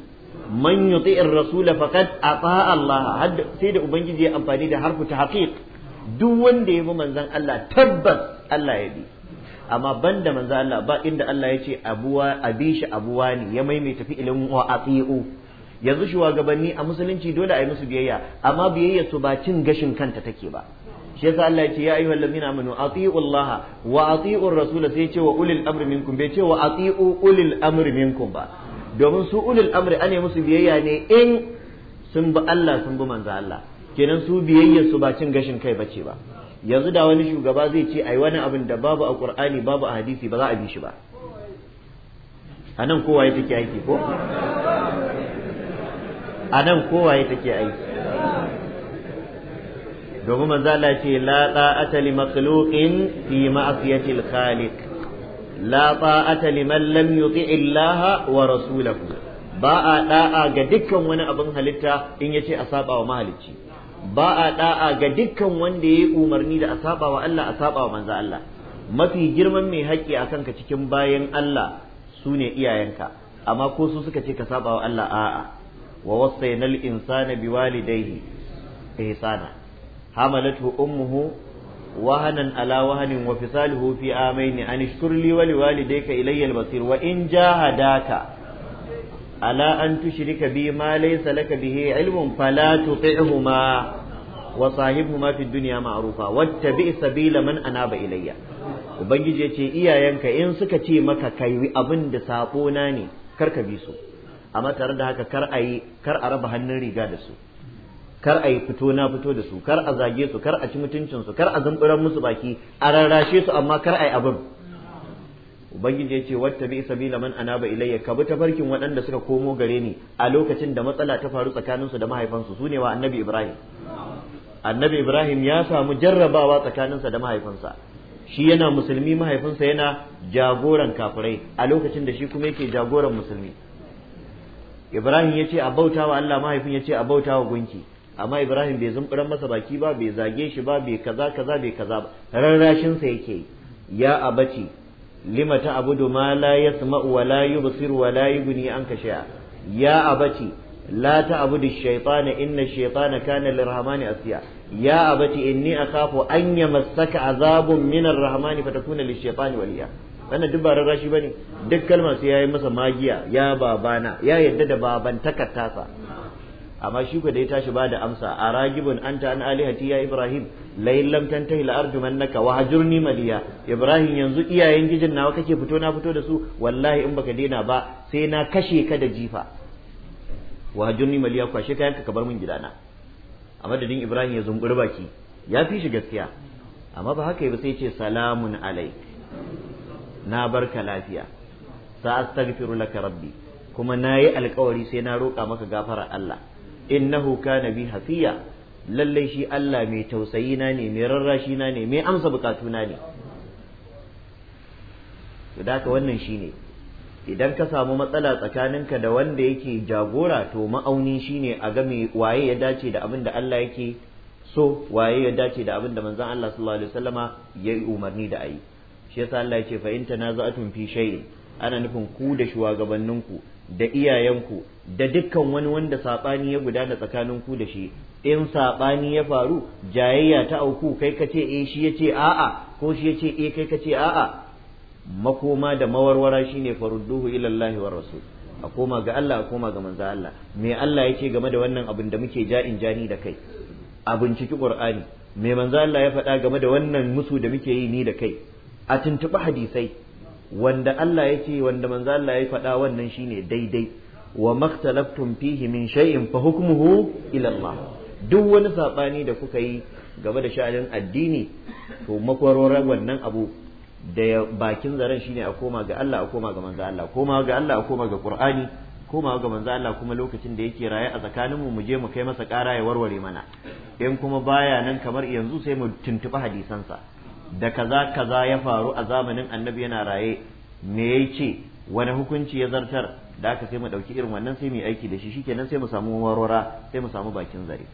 man yuti'ir rasul faqad ata Allah sai da ubangiji ya amfani da harfu tahqiq duk wanda ya bi manzon Allah tabbas Allah ya bi amma banda manzo Allah ba inda Allah ya ce abuwa abishi abuwa ne ya maimaita fi'ilin wa atiu yanzu shugabanni a musulunci dole ayi musu biyayya amma biyayya su ba cin gashin kanta take ba shi yasa Allah ya ce ya ayyuhal ladina amanu atiu Allah wa atiu rasul sai ya ce wa ulil amri minkum bai ce wa atiu ulil amri minkum ba domin su ulil amri ane musu biyayya ne in sun bi Allah sun bi manzo Allah kenan su biyayya su ba cin gashin kai bace ba yanzu da wani shugaba zai ce ai wani abin da babu a qur'ani babu a hadisi ba za a bi shi ba a nan kowa ya take aiki ko a nan kowa ya take aiki domin manzo Allah ce la ta'ata li makhluqin fi ma'siyati al-khaliq la ta'ata liman lam yuti'i Allah wa rasulahu ba a da'a ga dukkan wani abin halitta in yace a saba wa mahalicci ba a da'a ga dukkan wanda ya yi umarni da a saba wa Allah a saba wa manzo Allah mafi girman mai haƙƙi a kanka cikin bayan Allah su ne iyayenka amma ko su suka ce ka saba wa Allah a'a wa wasainal al-insana walidayhi ihsana hamalatu ummuhu wahanan ala wahanin wa fisaluhu fi amaini an ishkur li wa liwalidayka ilayya al basir wa in jahadaka ala an ka bi ma ilmin falatu bihi ilmun fala tuti'huma wa sahibhuma fid dunya ma'rufa wattabi sabila man anaba ilayya ubangiji ya ce iyayenka in suka ce maka kai abin da sabo na ne kar ka bi su amma tare da haka kar a yi kar a raba hannun riga da su kar a yi fito na fito da su kar a zage su kar a ci mutuncinsu. kar a zumburan musu baki a rarrashe su amma kar a yi abin ubangiji ce wata bi sabila man anaba ilayya ka bi tafarkin waɗanda suka komo gare ni a lokacin da matsala ta faru tsakaninsu da mahaifansu sune wa annabi ibrahim annabi ibrahim ya samu jarrabawa tsakaninsa da mahaifinsa shi yana musulmi mahaifinsa yana jagoran kafirai a lokacin da shi kuma yake jagoran musulmi ibrahim ya ce a bauta wa allah mahaifin ya ce a bauta wa gunki amma ibrahim bai zumburan masa baki ba bai zage shi ba bai kaza kaza bai kaza ba rarrashinsa yake ya abaci lima ta ma la yasma'u wa la yubsiru wa la yughni anka shay'a ya abati la ta'budu ash-shaytana inna ash kana lir asiya ya abati inni akhafu an yamassaka azabun min ar-rahmani fatakuna lish-shaytani waliya wannan duk ba rarrashi bane duk kalmar sai yayi masa magiya ya babana ya yadda da babantakar tasa amma shi ku da tashi ba da amsa a ragibin anta an alihati ya ibrahim lain lam tantahi la arjumannaka wa hajurni maliya ibrahim yanzu iyayen gijin nawa kake fito na fito da su wallahi in baka daina ba sai na kashe ka da jifa wa hajurni maliya kwashe kayanka ka bar min gidana a madadin ibrahim ya zumburi baki ya fi shi gaskiya amma ba haka ba sai ce salamun alaik na barka lafiya sa astaghfiru laka rabbi kuma nayi alkawari sai na roka maka gafara Allah innahu kana bi hafiya lallai shi Allah mai tausayi na ne mai rarrashi na ne mai amsa bukatu na ne to ka wannan shine idan ka samu matsala tsakaninka da wanda yake jagora to ma'auni shine a ga waye ya dace da abin da Allah yake so waye ya dace da abin da manzon Allah sallallahu alaihi wasallama ya yi umarni da ayi shi yasa Allah ya ce fa in tanaza'tum fi shay'in ana nufin ku da shugabanninku da iyayenku da dukkan wani wanda saɓani ya gudana tsakanin ku da shi in saɓani ya faru jayayya ta auku kai ka ce eh shi ya ce a'a ko shi ya ce eh kai ka ce a'a makoma da mawarwara shine farudduhu ila Allah wa rasul a koma ga Allah a koma ga manzo Allah me Allah ya ce game da wannan abin da muke ja'in jani da kai a binciki qur'ani me manzo Allah ya faɗa game da wannan musu da muke yi ni da kai a tuntuɓi hadisai wanda Allah yake wanda manzo Allah ya faɗa wannan shine daidai wa maktalaftum fihi min shay'in fa hukmuhu ila Allah duk wani sabani da kuka yi game da sha'anin addini to makwaroran wannan abu da bakin zaren shine a koma ga Allah a koma ga manzo Allah koma ga Allah a koma ga Qur'ani koma ga manzo Allah kuma lokacin da yake raye a tsakanin mu je mu kai masa ƙara ya warware mana in kuma baya nan kamar yanzu sai mu tuntuɓi hadisansa da kaza kaza ya faru a zamanin annabi yana raye me ya ce wani hukunci ya zartar da aka sai mu ɗauki irin wannan sai mu aiki da shi shikenan sai mu samu warwara sai mu samu bakin zare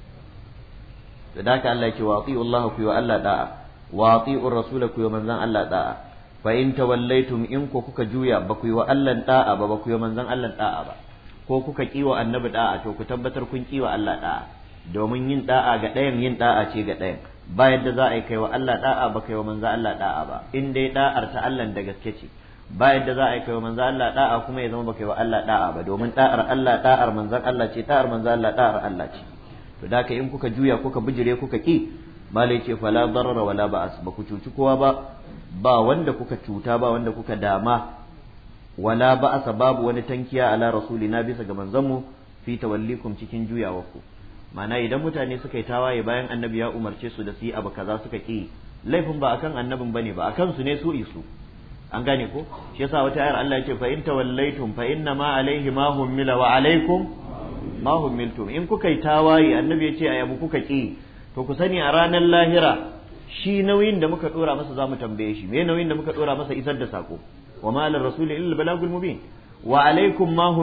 da daka Allah ke wati Allah ku yi Allah da'a wati rasul ku yi manzon Allah da'a fa in tawallaitum in ko kuka juya ba ku yi wa Allah da'a ba ba ku yi manzon Allah da'a ba ko kuka kiwa annabi da'a to ku tabbatar kun kiwa Allah da'a domin yin da'a ga ɗayan yin da'a ce ga ɗayan ba yadda za a yi kaiwa Allah da'a ba kaiwa manzo Allah da'a ba in dai da'ar ta Allah da gaske ce ba yadda za a yi kaiwa manzo Allah da'a kuma ya zama ba kaiwa Allah da'a ba domin da'ar Allah da'ar manzo Allah ce da'ar manzo Allah da'ar Allah ce to da ka in kuka juya kuka bijire kuka ki malai ce fala darara wala ba'as ba ku cuci kowa ba ba wanda kuka cuta ba wanda kuka dama wala ba'asa babu wani tankiya ala rasulina bisa ga manzon mu fi tawallikum cikin juyawarku ma'ana idan mutane suka yi tawaye bayan annabi ya umarce su da su yi abu kaza suka ki laifin ba akan annabin bane ba akan su ne su isu an gane ko shi yasa wata ayar Allah yake fa in tawallaitum fa inna ma alayhi ma hummila wa alaykum ma hummiltum in kuka yi tawaye annabi ya ce yabu kuka ki to ku sani a ranar lahira shi nauyin da muka dora masa zamu tambaye shi me nauyin da muka dora masa isar da sako wa ma lar rasuli illa balagul mubin wa alaikum ma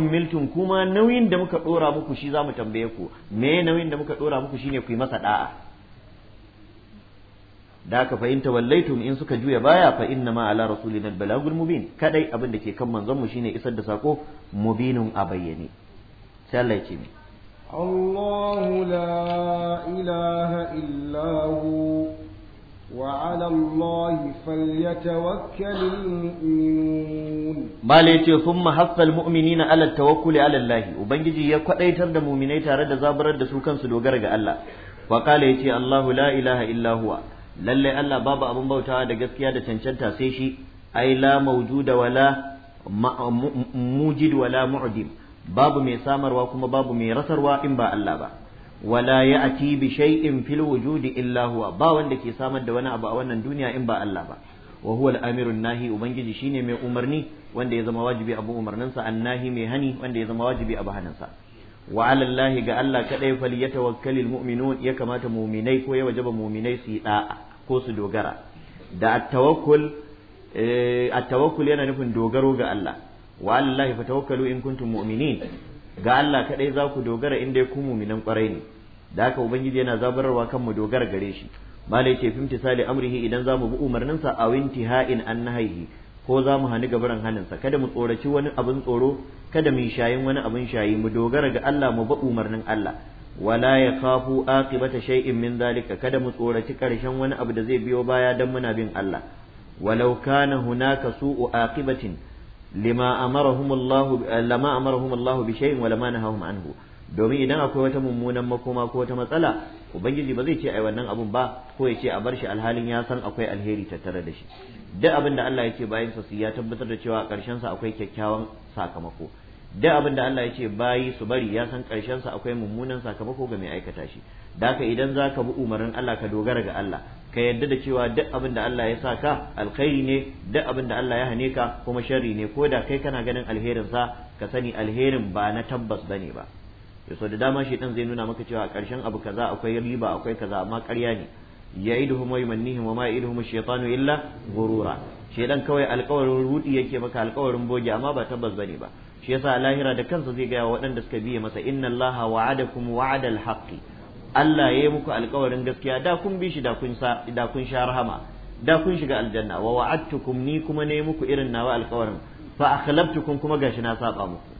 kuma nauyin da muka dora muku shi zamu tambaye ku me nauyin da muka dora muku shine ku yi masa da'a da ka fa in tawallaitum in suka juya baya fa inna ma ala rasulina balagul mubin kadai abin da ke kan manzon mu shine isar da sako mubinun a bayyane sai Allah ya ce Allahu la ilaha illa hu وعلى الله فليتوكل المؤمنون مالتي ثم حث المؤمنين على التوكل على الله ubangiji ya كدايتر da mu'minai tare da zabarar da su kansu dogara ga Allah wa qala yace Allahu la ilaha illa huwa lalle Allah babu Abun bautawa da gaskiya da cancanta sai shi ai la mawjuda wala mujid wala mu'dim babu mai samarwa kuma babu mai rasarwa in ba Allah ba wala ya bi shay'in fil wujudi illa ba wanda ke samar da wani abu a wannan duniya in ba Allah ba wa huwa nahi ubangiji shine mai umarni wanda ya zama wajibi abu umarninsa annahi mai hani wanda ya zama wajibi abu haninsa wa alallahi ga Allah kadai falyatawakkalul mu'minun ya kamata mu'minai ko ya wajaba mu'minai su yi da'a ko su dogara da eh, at-tawakkul yana nufin dogaro ga Allah wa fa fatawakkalu in kuntum mu'minin ga Allah kaɗai za ku dogara inda ya ku minan kwarai ne da haka ubangiji yana zabararwa kan mu dogara gare shi malai ce fimti sali amrihi idan za mu bi umarninsa a winti ha'in an haihi ko za mu hani gabaran hannunsa. kada mu tsoraci wani abin tsoro kada mu shayin wani abin shayi mu dogara ga Allah mu bi umarnin Allah wala ya kafu aqibata shay'in min zalika kada mu tsoraci ƙarshen wani abu da zai biyo baya dan muna bin Allah walau kana hunaka su'u aqibatin لما أمرهم الله lama amarahum Allah bi wa lama anhu domin idan akwai wata mummunan makoma ko wata matsala ubangiji ba zai ce ai wannan abun ba ko ya ce a bar shi alhalin ya san akwai alheri tattare da shi duk abin da Allah ya ce bayin sa su ya tabbatar da cewa karshen sa akwai kyakkyawan sakamako duk abin da Allah ya ce bayi su bari ya san karshen sa akwai mummunan sakamako ga mai aikata shi da haka idan zaka bi umarnin Allah ka dogara ga Allah ka yarda da cewa duk abin da Allah ya sa ka alkhairi ne duk abin da Allah ya hane ka kuma sharri ne ko da kai kana ganin alherin sa ka sani alherin ba na tabbas bane ba yaso da dama shi dan zai nuna maka cewa a ƙarshen abu kaza akwai riba akwai kaza amma ƙarya ne ya'iduhum wa yumannihim wa ma ya'iduhum ash-shaytanu illa ghurura shedan kawai alƙawarin rudi yake maka alƙawarin boge amma ba tabbas bane ba shi yasa lahira da kansa zai ga waɗanda suka biye masa inna allaha wa'adakum wa'adal haqqi Allah ya yi muku alkawarin gaskiya da kun bi shi da kun sha rahama da kun shiga aljanna wa wa'adtukum ni kuma ne muku irin nawa alkawarin fa akhlabtukum kuma gashi na saba muku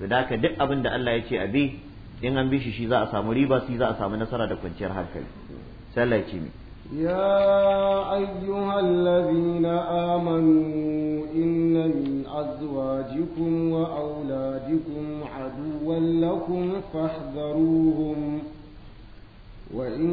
to da ka duk abin da Allah ya ce a bi in an bi shi shi za a samu riba shi za a samu nasara da kwanciyar hankali sai Allah ya ce يا أيها الذين آمنوا إن من أزواجكم وأولادكم عدوا لكم فاحذروهم وإن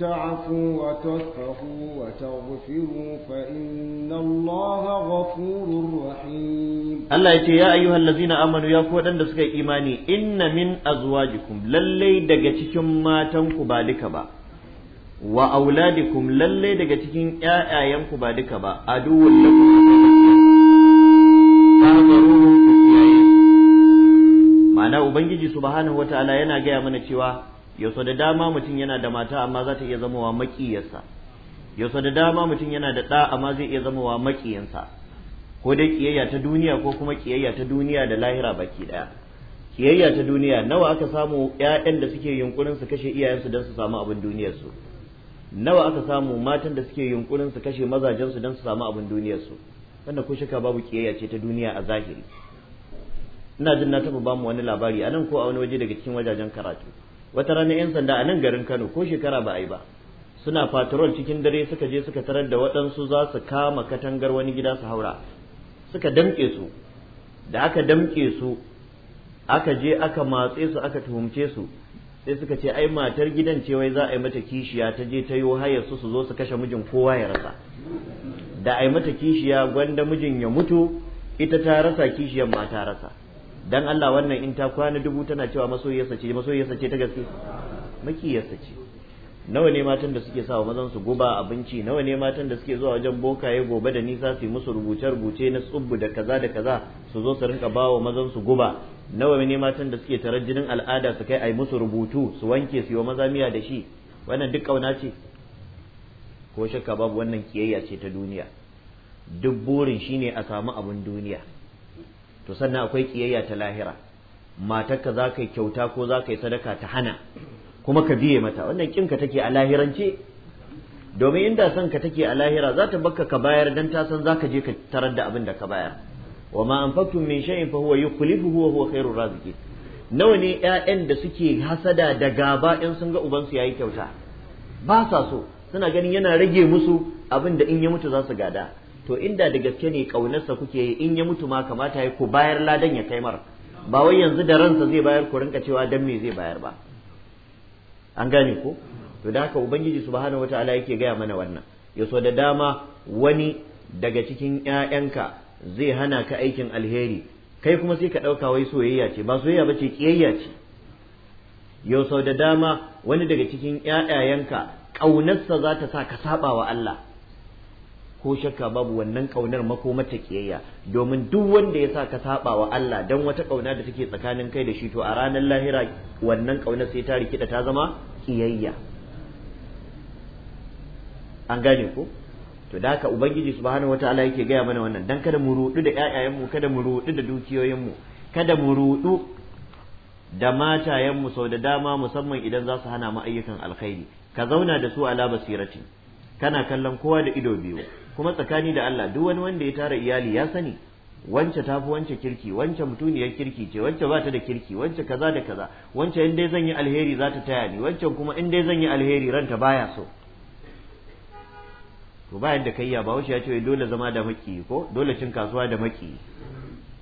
تعفوا وتصفحوا وتغفروا فإن الله غفور رحيم الله يتي يا أيها الذين آمنوا يا قوة أن إيماني إن من أزواجكم للي دقتكم ما تنكبا لكبا wa auladikum lalle daga cikin ƴaƴayenku ba duka ba aduwwul lakum fahzaruhum ma'ana ubangiji subhanahu wataala yana gaya mana cewa yaso da dama mutum yana da mata amma za ta iya zamowa maƙiyarsa yaso da dama mutum yana da ɗa amma zai iya zamowa maƙiyansa ko dai kiyayya ta duniya ko kuma kiyayya ta duniya da lahira baki ɗaya kiyayya ta duniya nawa aka samu ƴaƴan da suke yunkurin su kashe iyayensu don su samu abin duniyarsu su nawa aka samu matan da suke yunkurin su kashe mazajensu don su samu abin duniyarsu wanda ko shaka babu kiyayya ce ta duniya a zahiri ina jin na taba bamu wani labari anan ko a wani waje daga cikin wajajen karatu wata rana 'yan sanda a nan garin kano ko shekara ba a yi ba suna fatarol cikin dare suka je suka tarar da waɗansu za su kama katangar wani gida su haura suka damƙe su da aka damƙe su aka je aka matse su aka tuhumce su sai suka ce ai matar gidan ce wai za a yi mata kishiya ta je ta yi hayar su su zo su kashe mijin kowa ya rasa da a yi mata kishiya gwanda mijin ya mutu ita ta rasa kishiyar ma ta rasa dan Allah wannan in ta kwana dubu tana cewa masoyiyarsa ce masoyiyarsa ce ta gaske makiyarsa ce nawa ne matan da suke sawa mazan su guba abinci nawa ne matan da suke zuwa wajen bokaye gobe da nisa su yi musu rubuce rubuce na tsubbu da kaza da kaza su zo su rinka bawa mazan su guba nawa ne matan da suke tarar jinin al'ada su kai ai musu rubutu su wanke su yi maza miya da shi wannan duk kauna ce ko shakka babu wannan kiyayya ce ta duniya duk burin shine a samu abun duniya to sannan akwai kiyayya ta lahira matarka za ka yi kyauta ko za ka yi sadaka ta hana kuma ka biye mata wannan kinka take a lahirance domin inda son ka take a lahira za ta bakka ka bayar dan ta san za ka je ka tarar da abin da ka bayar wa ma anfaqtum min shay'in fa huwa yukhlifuhu wa huwa khairur raziqi nawa ne ƴaƴan da suke hasada da gaba in sun ga ubansu yayi kyauta ba sa so suna ganin yana rage musu abin da in ya mutu za su gada to inda da gaske ne kaunarsa kuke yi in ya mutu ma kamata ya ku bayar ladan ya kai mar ba wai yanzu da ransa zai bayar ku rinka cewa dan me zai bayar ba an gane ko to da haka ubangiji subhanahu wataala yake gaya mana wannan ya da dama wani daga cikin 'ya'yanka zai hana ka aikin alheri kai kuma sai ka ɗauka wai soyayya ce ba soyayya ba ce ƙiyayya ce yau da dama wani daga cikin ƴaƴayenka ƙaunarsa za ta sa ka saɓa wa Allah ko shakka babu wannan kaunar ta kiyayya domin duk wanda ya sa ka saba wa Allah dan wata kauna da take tsakanin kai da shi to a ranar lahira wannan kaunar sai ta rikida ta zama kiyayya an gane ko to da haka ubangiji subhanahu wataala yake gaya mana wannan dan kada mu rudu da mu kada mu rudu da dukiyoyinmu kada mu rudu da matayenmu sau da dama musamman idan za su hana mu ayyukan alkhairi ka zauna da su ala basiratin kana kallon kowa da ido biyu kuma tsakani da Allah duk wani wanda ya tara iyali ya sani wance tafi fi wance kirki wance mutuniyar kirki ce wance bata da kirki wance kaza da kaza wance in dai zan yi alheri za ta taya ni wancan kuma in zan yi alheri ranta baya so to bayan da kayya ba ya ce dole zama da maki ko dole cin kasuwa da maki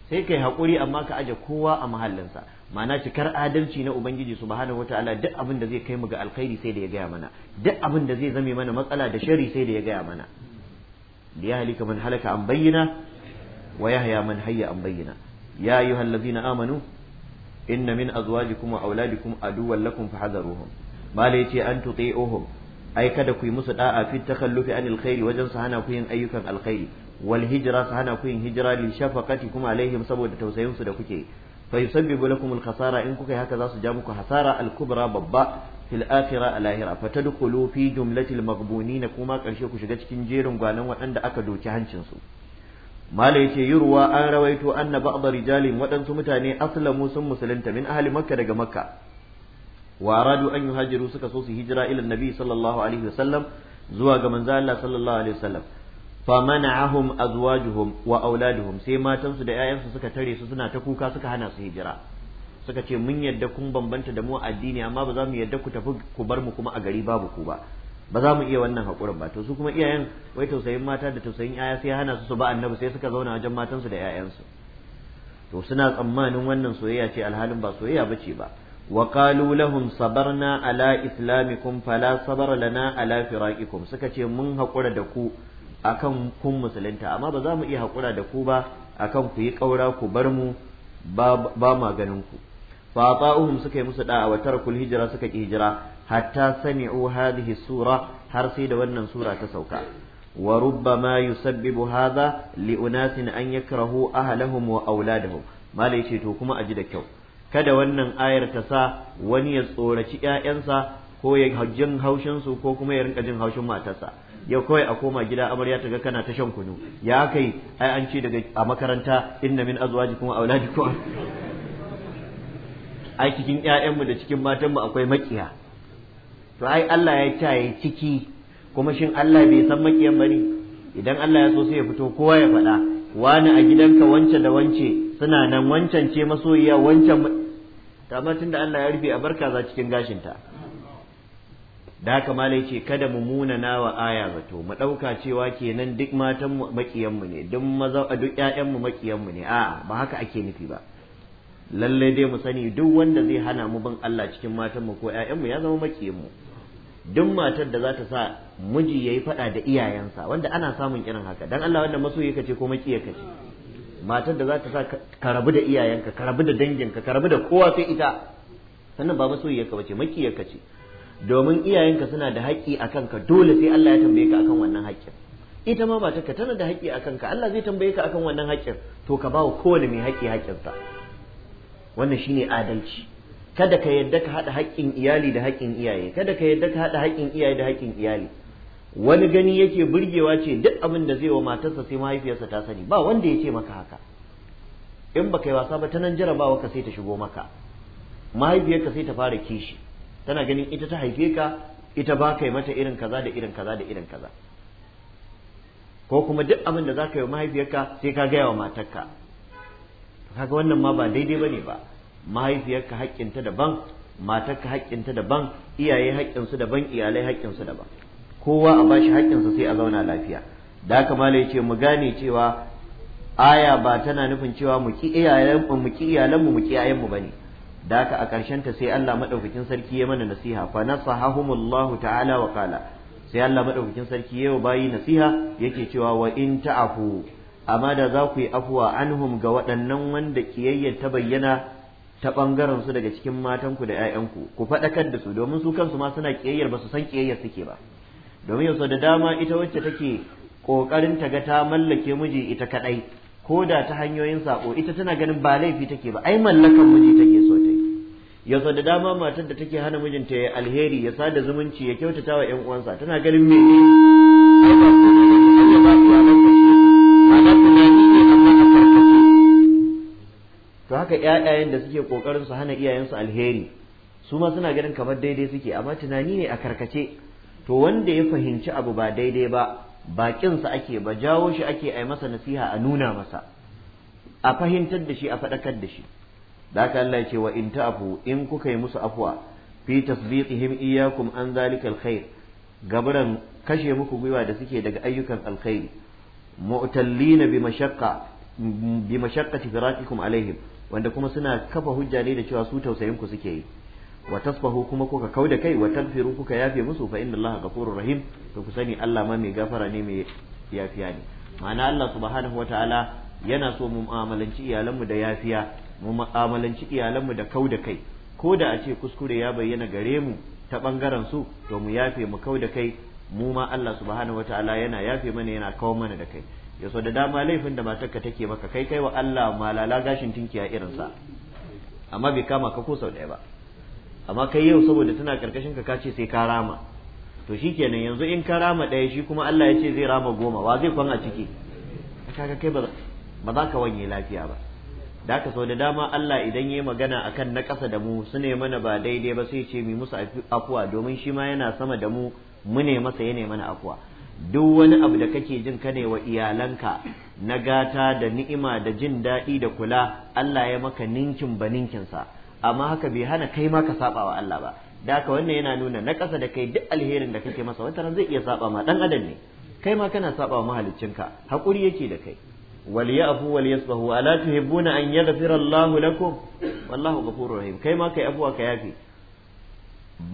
sai kai hakuri amma ka aje kowa a mahallinsa ma'ana cikar adalci na ubangiji subhanahu wataala duk abin da zai kai mu ga alkhairi sai da ya gaya mana duk abin da zai zame mana matsala da shari sai da ya gaya mana liyahlika man halaka an bayyana wa yahya man an bayyana ya ayyuhal na amanu inna min azwajikum wa auladikum aduwwan lakum fahadharuhum mala yace an tuti'uhum ai kada ku yi musu ɗa fi takallufi anil khairi wajen su hana ku yin ayyukan alkhairi wal hijra su hana ku yin hijra li shafaqati kuma alaihim saboda tausayinsu da kuke fa yusabbibu lakum al in kuka haka zasu su ja muku hasara al babba fil akhirah a lahira fa tadkhulu fi jumlatil na kuma karshe ku shiga cikin jerin gwanan waɗanda aka doki hancin su mala yace yurwa an rawaito anna ba'd rijalin waɗansu mutane aslamu sun musulunta min ahli makka daga makka wa aradu an yuhajiru suka so su hijira ila nabi sallallahu alaihi wasallam zuwa ga manzo Allah sallallahu alaihi wasallam fa mana'ahum azwajuhum wa auladuhum sai matansu da 'ya'yansu suka tare su suna ta kuka suka hana su hijira suka ce mun yadda kun bambanta da mu addini amma ba za mu yadda ku tafi ku bar mu kuma a gari babu ku ba ba za mu iya wannan hakurin ba to su kuma iyayen wai tausayin mata da tausayin yaya sai hana su su ba annabi sai suka zauna wajen matansu da yayansu to suna tsammanin wannan soyayya ce alhalin ba soyayya bace ba wa qalu lahum sabarna ala islamikum fala sabar lana ala firaqikum suka ce mun hakura da ku akan kun musulunta amma ba za mu iya hakura da ku ba akan ku yi kaura ku bar mu ba ma ganin ku fa uhum suka yi musu da'a wa tarakul hijra suka ki hijira hatta sami'u hadhihi sura har sai da wannan sura ta sauka wa rubbama yusabbibu hadha li unasin an yakrahu ahlahum wa auladahum mala yace to kuma aji da kyau kada wannan ayar ta sa wani ya tsoraci ƴaƴansa ko ya jin haushin su ko kuma ya rinka jin haushin matarsa yau kawai a koma gida amarya ta ga kana ta shan kunu ya kai ai an ce daga a makaranta inna min azwajikum wa auladikum ai cikin ‘ya’yanmu da cikin matanmu akwai makiya to ai Allah ya taye ciki kuma shin Allah bai san makiyan bari. idan Allah ya so sai ya fito kowa ya faɗa wani a gidanka wance da wance suna nan wancan ce masoyiya wancan kamatin tunda Allah ya rufe a barka za cikin gashinta da haka ma ce kada mu muna nawa aya zato mu ɗauka cewa kenan duk matan makiyanmu ne duk maza duk ƴaƴanmu makiyanmu ne a'a ba haka ake nufi ba lalle dai mu sani duk wanda zai hana mu bin Allah cikin matan mu ko ƴaƴan mu ya zama makiyin mu duk matar da za ta sa miji yayi fada da iyayensa wanda ana samun irin haka dan Allah wanda masoyi kace ko makiyi ce. matar da za ta sa ka rabu da iyayenka ka rabu da danginka ka rabu da kowa sai ita sannan ba masoyi ka bace makiyi ce domin iyayenka suna da haƙƙi a kanka dole sai Allah ya tambaye ka akan wannan haƙƙin ita ma matarka tana da haƙƙi a kanka Allah zai tambaye ka akan wannan haƙƙin to ka bawa kowane mai haƙƙi haƙƙinsa wannan shine adalci kada ka yadda ka haɗa haƙƙin iyali da haƙƙin iyaye kada ka yadda ka haɗa haƙƙin iyaye da haƙƙin iyali wani gani yake burgewa ce duk abin da zai wa matarsa sai mahaifiyarsa ta sani ba wanda ya ce maka haka in baka yi wasa ba ta nan jarabawa ka sai ta shigo maka mahaifiyarka sai ta fara kishi tana ganin ita ta haife ka ita ba ka mata irin kaza da irin kaza da irin kaza ko kuma duk abin da za ka yi wa mahaifiyarka sai ka gaya wa matarka kaga wannan ma ba daidai bane ba mahaifiyarka haƙƙinta daban matarka haƙƙinta daban iyaye haƙƙinsu daban iyalai haƙƙinsu daban kowa a bashi haƙƙinsa sai a zauna lafiya da haka mala yace mu gane cewa aya ba tana nufin cewa mu ki iyayenmu mu ki iyalanmu mu ki iyayenmu bane da haka a ƙarshen ta sai Allah madaukakin sarki ya mana nasiha fa nasahahumullahu ta'ala wa qala sai Allah madaukakin sarki ya bayi nasiha yake cewa wa in ta'afu amma da za ku yi afuwa anhum ga waɗannan wanda kiyayyar ta bayyana ta ɓangaren su daga cikin matanku da 'ya'yanku ku faɗakar da su domin su kansu ma suna kiyayyar ba su san kiyayyar suke ba domin yau da dama ita wacce take ƙoƙarin ta ga ta mallake miji ita kaɗai ko da ta hanyoyin saƙo ita tana ganin ba laifi take ba ai mallakan miji take so ta yi da dama matar da take hana mijinta ya alheri ya sada zumunci ya kyautata wa 'yan uwansa tana ganin mene haka ƴaƴayen da suke kokarin su hana iyayensu alheri su ma suna ganin kamar daidai suke amma tunani ne a karkace to wanda ya fahimci abu ba daidai ba baƙinsa ake ba jawo shi ake ai masa nasiha a nuna masa a fahimtar da shi a faɗakar da shi da haka Allah ya ce wa in ta'fu in kuka yi musu afwa fi tasbiqihim iyyakum an zalika alkhair gabaran kashe muku gwiwa da suke daga ayyukan alkhairi mu'tallina bi mashaqqa bi mashaqqati firatikum alaihim wanda kuma suna kafa hujja ne da cewa su tausayin ku suke yi wa tasbahu kuma kuka kau da kai wa tagfiru kuka yafe musu fa inna allaha ghafurur rahim to ku sani Allah ma mai gafara ne mai yafiya ne ma'ana Allah subhanahu wataala yana so mu mu'amalanci iyalanmu da yafiya mu mu'amalanci iyalanmu da kau da kai ko da a ce kuskure ya bayyana gare mu ta bangaren su to mu yafe mu kau da kai mu ma Allah subhanahu wataala yana yafe mana yana kawo mana da kai ya so da dama laifin da matarka take maka kai kai wa Allah malala gashin irin sa amma bai kama ka ko sau ɗaya ba amma kai yau saboda tana karkashin ka kace sai ka rama to shikenan yanzu in ka rama ɗaya shi kuma Allah ya ce zai rama goma wa zai kwan a ciki kaga kai ba za ka wanye lafiya ba da haka sau da dama Allah idan ya magana akan na ƙasa da mu su ne mana ba daidai ba sai ce mu musu afuwa domin shi ma yana sama da mu mu ne masa ya ne mana afuwa duk wani abu da kake jin ka ne wa iyalanka na gata da ni'ima da jin daɗi da kula Allah ya maka ninkin ba ninkinsa amma haka bai hana kai ma ka saba wa Allah ba da haka wannan yana nuna na ƙasa da kai duk alherin da kake masa wata ran zai iya saba ma dan adam ne kai ma kana saba wa mahaliccinka hakuri yake da kai wal ya'fu wal yasbahu ala tuhibbuna an yaghfira Allahu lakum wallahu ghafurur rahim kai ma kai afuwa ka yafi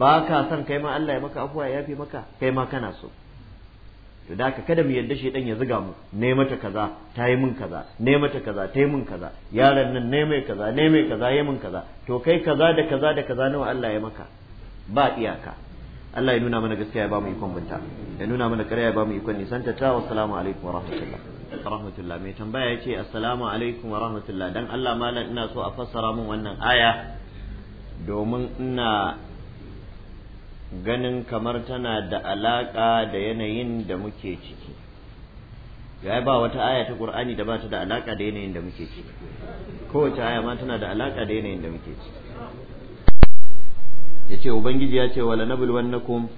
ba ka son kai ma Allah ya maka afuwa ya yafi maka kai ma kana so to da haka kada mu yarda shedan ya zuga mu ne mata kaza ta yi mun kaza ne mata kaza ta yi mun kaza yaron nan ne mai kaza ne mai kaza ya mun kaza to kai kaza da kaza da kaza nawa Allah ya maka ba iyaka Allah ya nuna mana gaskiya ya ba mu ikon binta ya nuna mana ƙarya ya ba mu ikon nisanta ta wa assalamu alaikum wa rahmatullah rahmatullah mai tambaya yace assalamu alaikum wa rahmatullah dan Allah malam ina so a fassara min wannan aya domin ina ganin kamar tana da alaƙa da yanayin da muke ciki ya ba wata aya ta ƙur'ani da ba ta da alaƙa da yanayin da muke ciki kowace aya ma tana da alaƙa da yanayin da muke ciki ya ce ubangiji ya ce wala wannakum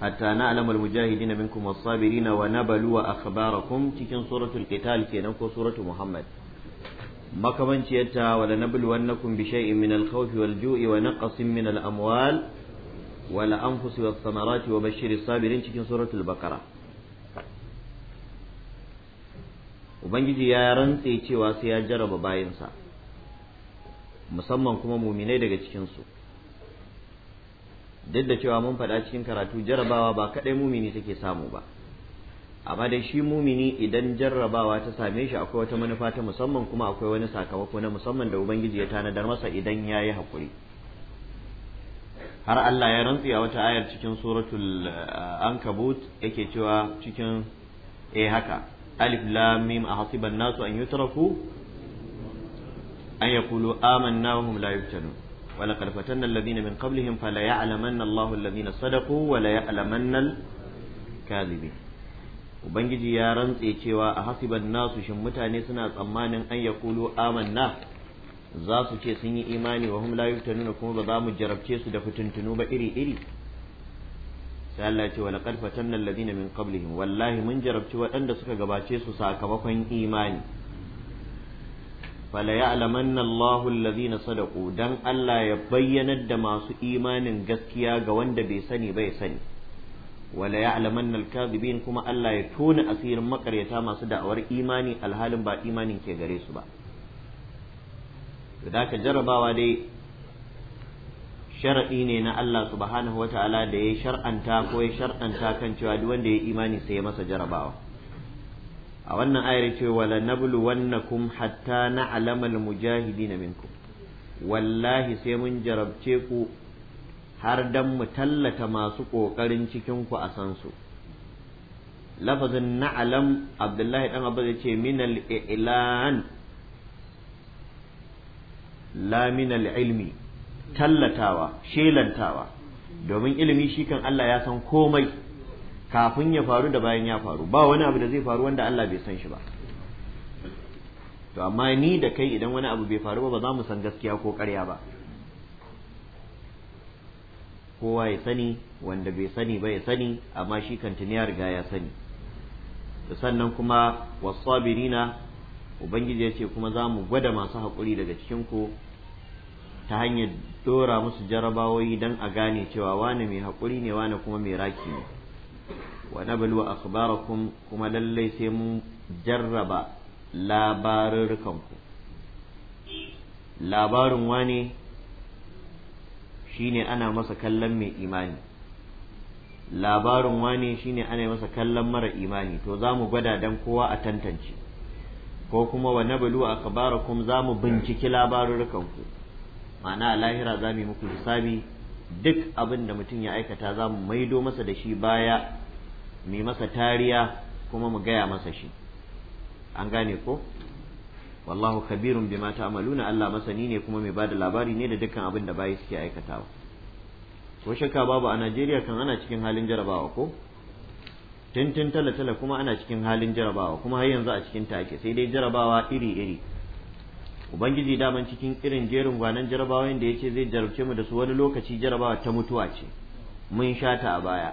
hatta na'lamal mujahidin minkum was Sabirina wa nabluwa akhbarakum cikin suratul qital kenan ko suratul muhammad makamanciyarta wala wannakum bi shay'in min al-khawfi wal-ju'i wa naqsin min al-amwal wala anfusi was samarati wa bashiri sabirin cikin suratul baqara ubangiji ya rantse cewa sai ya jaraba bayansa musamman kuma muminai daga cikinsu duk da cewa mun faɗa cikin karatu jarabawa ba kaɗai mumini take samu ba amma dai shi mumini idan jarrabawa ta same shi akwai wata manufa ta musamman kuma akwai wani sakamako na musamman da ubangiji ya tanadar masa idan ya yi haƙuri har Allah ya rantsi a wata ayar cikin suratul eh, ankabut yake cewa cikin eh haka alif lam mim nasu an yutraku an yaqulu amanna wa hum la yuftanun wa laqad fatanna alladhina min qablihim fala ya'lamanna Allahu alladhina sadaqu wa la ya'lamanna al-kadhibin ubangiji ya rantse cewa ahasiban nasu shin mutane suna tsammanin an yaqulu amanna za su ce sun yi imani wa hum la yuftanuna kuma ba za mu jarabce su da fitintunu ba iri iri sai Allah ce wala qad fatanna alladhina min qablihim wallahi mun jarabci waɗanda suka gabace su sakamakon imani fala ya'lamanna Allahu alladhina sadaqu dan Allah ya bayyanar da masu imanin gaskiya ga wanda bai sani bai sani wala ya'lamanna al kuma Allah ya tona asirin makaryata masu da'awar imani alhalin ba imanin ke gare su ba da ka jarabawa dai sharaɗi ne na Allah subhanahu wa ta'ala da ya shar'anta ko ya shar'anta kan cewa duk wanda ya yi imani sai ya masa jarabawa a wannan ayar ce wala nablu wannakum hatta na'lama al-mujahidin minkum wallahi sai mun jarabce ku har dan mu tallata masu kokarin cikin ku a san su lafazin na'lam Abdullahi dan Abbas ya ce min al-i'lan laminal ilmi tallatawa shelantawa domin ilimi shi kan Allah ya san komai kafin ya faru da bayan ya faru ba wani abu da zai faru wanda Allah bai san shi ba to amma ni da kai idan wani abu bai faru ba ba za mu san gaskiya ko ƙarya ba kowa ya sani wanda bai sani ba ya sani amma shi kan tuni ya riga ya sani sannan kuma wasabirina ubangiji ya ce kuma za mu gwada masu haƙuri daga cikinku ta hanyar dora musu jarabawoyi don a gane cewa wane mai haƙuri ne wane kuma mai raki ne wa nablu akhbarakum kuma lallai sai mun jarraba labarurkanku labarin wane shine ana masa kallon mai imani labarin wane shine ana masa kallon mara imani to za mu gwada don kowa a tantance ko kuma wa nablu kuma za mu binciki labarurukan ku ma'ana lahira za mu muku hisabi duk abin da mutum ya aikata za mu maido masa da shi baya mai masa tariya kuma mu gaya masa shi an gane ko wallahu kabirun bima ta'maluna Allah masani ne kuma mai bada labari ne da dukkan abin da bayi suke aikatawa ko shakka babu a Najeriya kan ana cikin halin jarabawa ko tintin tala-tala kuma ana cikin halin jarabawa kuma har yanzu a cikin take sai dai jarabawa iri-iri ubangiji daman cikin irin jerin gwanan jarabawa da ya ce zai jarabce mu da su wani lokaci jarabawa ta mutuwa ce mun sha ta a baya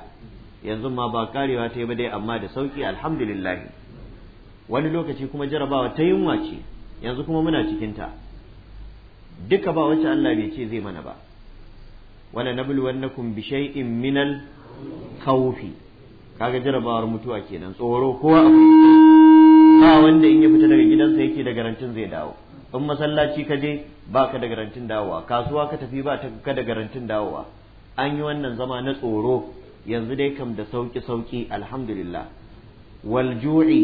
yanzu ma ba karewa ta yi ba dai amma da sauki alhamdulillah wani lokaci kuma jarabawa ta yunwa ce yanzu kuma muna cikin ta duka ba wacce Allah bai ce zai mana ba wala nabluwannakum bi shay'in minal khawfi kaga jarabawar mutuwa kenan tsoro kowa a ba wanda in ya fita daga gidansa yake da garantin zai dawo in masallaci ka je ba ka da garantin dawowa kasuwa ka tafi ba ka da garantin dawowa an yi wannan zama na tsoro yanzu dai kam da sauki sauki alhamdulillah wal ju'i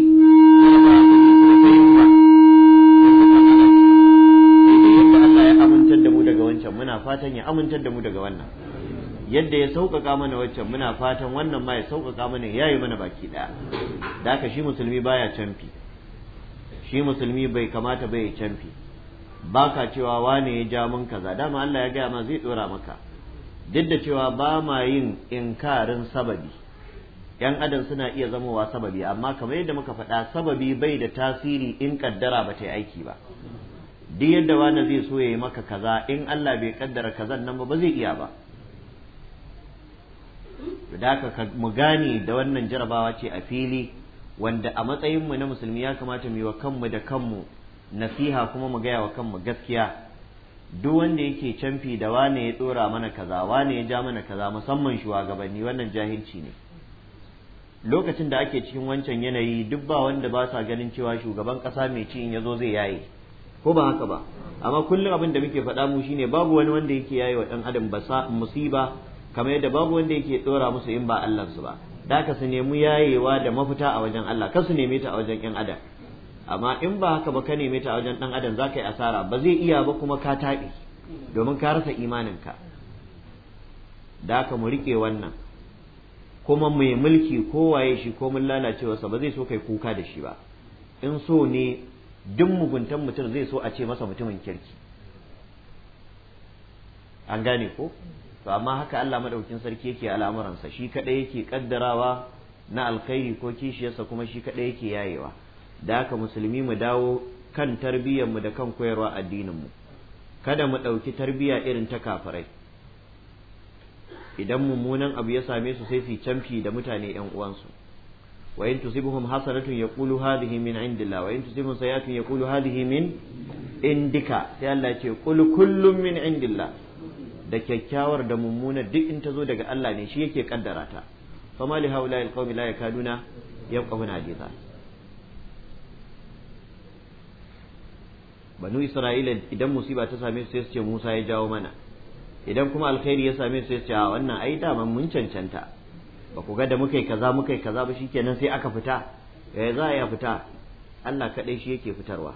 Allah ya amintar da mu daga wancan muna fatan ya amintar da mu daga wannan yadda ya sauƙaƙa mana waccan muna fatan wannan ma ya sauƙaƙa mana ya yi mana baki ɗaya da haka shi musulmi baya canfi shi musulmi bai kamata bai canfi ba ka cewa wane ya ja mun kaza dama Allah ya gaya ma zai ɗora maka duk da cewa ba ma yin inkarin sababi yan adam suna iya zamowa sababi amma kamar yadda muka faɗa sababi bai da tasiri in kaddara ba ta yi aiki ba duk yadda wani zai so ya yi maka kaza in Allah bai kaddara kazan nan ba ba zai iya ba da haka mu gane da wannan jarabawa ce a fili wanda a matsayinmu na musulmi ya kamata mu yi wa kanmu da kanmu nasiha kuma mu gaya wa kanmu gaskiya duk wanda yake canfi da wane ya tsora mana kaza wane ya ja mana kaza musamman shugabanni wannan jahilci ne lokacin da ake cikin wancan yanayi duk ba wanda ba sa ganin cewa shugaban kasa mai ci in yazo zai yaye ko ba haka ba amma kullum abin da muke faɗa mu shine babu wani wanda yake yaye wa ɗan adam ba musiba kamar yadda babu wanda yake dora musu in ba Allah su ba da ka su nemi yayewa da mafita a wajen Allah ka su neme ta a wajen yan adam amma in ba haka ba ka neme ta a wajen ɗan adam ka yi asara ba zai iya ba kuma ka taɓe domin ka rasa imaninka da ka mu rike wannan kuma mai mulki kowaye shi ko mun lalacewarsa ba zai so kai kuka da shi ba in so ne duk muguntan mutum zai so a ce masa mutumin kirki an gane ko to amma haka Allah madaukin sarki yake al'amuransa shi kadai yake kaddarawa na alkhairi ko kishiyarsa kuma shi kadai yake yayewa da haka musulmi mu dawo kan tarbiyyar mu da kan koyarwa addinin mu kada mu ɗauki tarbiyya irin ta kafirai idan mummunan abu ya same su sai su canfi da mutane yan uwansu wa in tusibuhum hasanatun yaqulu hadhihi min indillah wa in tusibuhum sayi'atun yaqulu hadhihi min indika sai Allah ya ce qul kullun min indillah da kyakkyawar da mummuna duk in ta zo daga Allah ne shi yake kaddara ta fama li haula al qawmi la yakaduna yafqahuna Hadiza. banu isra'ila idan musiba ta same su sai su ce Musa ya jawo mana idan kuma alkhairi ya same su sai su ce a wannan ai daman mun cancanta ba ku ga da mukai kaza mukai kaza ba shikenan sai aka fita eh za a fita Allah kaɗai shi yake fitarwa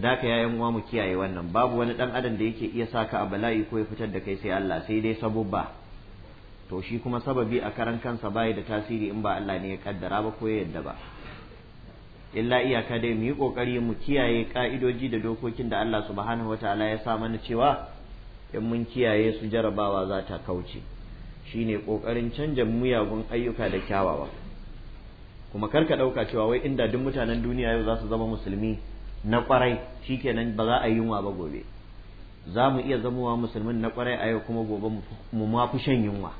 da haka ya yan uwa mu kiyaye wannan babu wani dan adam da yake iya saka a bala'i ko ya fitar da kai sai Allah sai dai sabubba to shi kuma sababi a karan kansa bai da tasiri in ba Allah ne ya kaddara ba ko ya yadda ba illa iyaka dai mu yi kokari mu kiyaye ka'idoji da dokokin da Allah subhanahu wataala ya sa mana cewa in mun kiyaye su jarabawa za ta kauce shine kokarin canja muyagun ayyuka da kyawawa kuma karka dauka cewa wai inda duk mutanen duniya yau za su zama musulmi na kwarai shikenan ba za a yi yunwa ba gobe za mu iya zamowa musulmin na kwarai a yau kuma gobe mu ma fi shan yunwa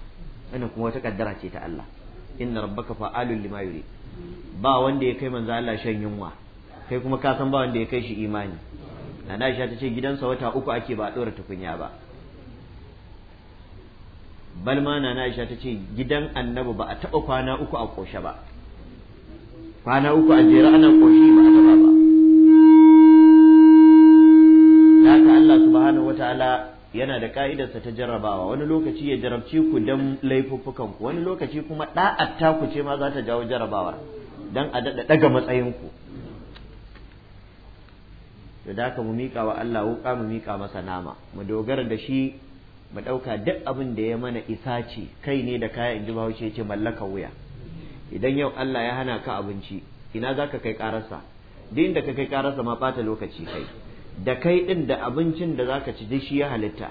wannan kuma wata kaddara ce ta Allah inna rabbaka fa'alul lima yuri ba wanda ya kai manzo Allah shan yunwa kai kuma ka san ba wanda ya kai shi imani Nana Aisha ta ce gidansa wata uku ake ba dora tukunya ba balma Nana Aisha ta ce gidan annabi ba a taɓa kwana uku a ƙoshe ba kwana uku a jera ana ƙoshi ba a taɓa ba haka Allah subhanahu wataala yana da ka'idarsa ta jarrabawa wani lokaci ya jarabci ku dan laifuffukan ku wani lokaci kuma da'atta ku ce ma za ta jawo jarrabawa dan a daɗa daga matsayin ku da mu miƙa wa Allah wuƙa mu miƙa masa nama mu dogara da shi mu ɗauka duk abin da ya mana isa ce kai ne da kaya in ji bahaushe ce mallaka wuya idan yau Allah ya hana ka abinci ina za ka kai ƙararsa duk inda ka kai ƙararsa ma bata lokaci kai da kai ɗin da abincin da zaka ci duk shi ya halitta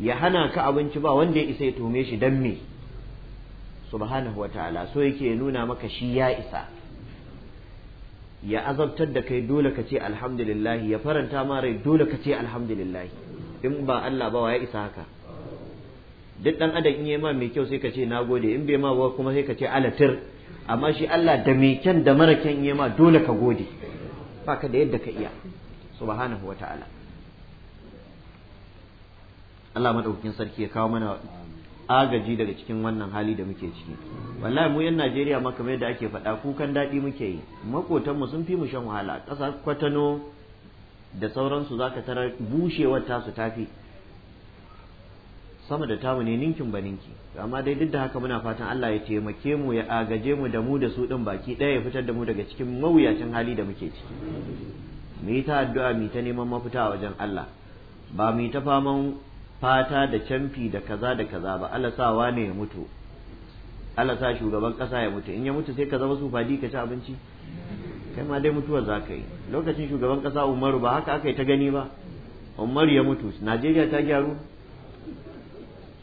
ya hana ka abinci ba wanda ya isa ya tome shi dan me subhanahu wataala so yake nuna maka shi ya isa ya azabtar da kai dole ka ce alhamdulillah ya faranta ma rai dole ka ce alhamdulillah in ba Allah ba wa ya isa haka duk dan adam in yayi ma mai kyau sai ka ce nagode in bai ma ba kuma sai ka ce alatir amma shi Allah da mai kyan da mara kyan yayi ma dole ka gode baka da yadda ka iya subhanahu wata'ala Allah madaukakin sarki ya kawo mana agaji daga cikin wannan hali da muke ciki wallahi mu yan Najeriya ma kamar yadda ake faɗa kukan daɗi muke yi makotanmu sun fi mu shan wahala ƙasa kwatano da sauransu zaka tara bushewar tasu tafi sama da tamu ne ninkin ba ninki amma dai duk da haka muna fatan Allah ya taimake mu ya agaje mu da mu da su din baki ɗaya ya fitar da mu daga cikin mawuyacin hali da muke ciki mu yi ta addu'a mu ta neman mafita a wajen Allah ba mu ta faman fata da camfi da kaza da kaza ba Allah sa wane ya mutu Allah sa shugaban kasa ya mutu in ya mutu sai ka zama su fadi ka ci abinci kai ma dai mutuwar za ka yi lokacin shugaban kasa Umaru ba haka aka yi ta gani ba Umaru ya mutu Najeriya ta gyaru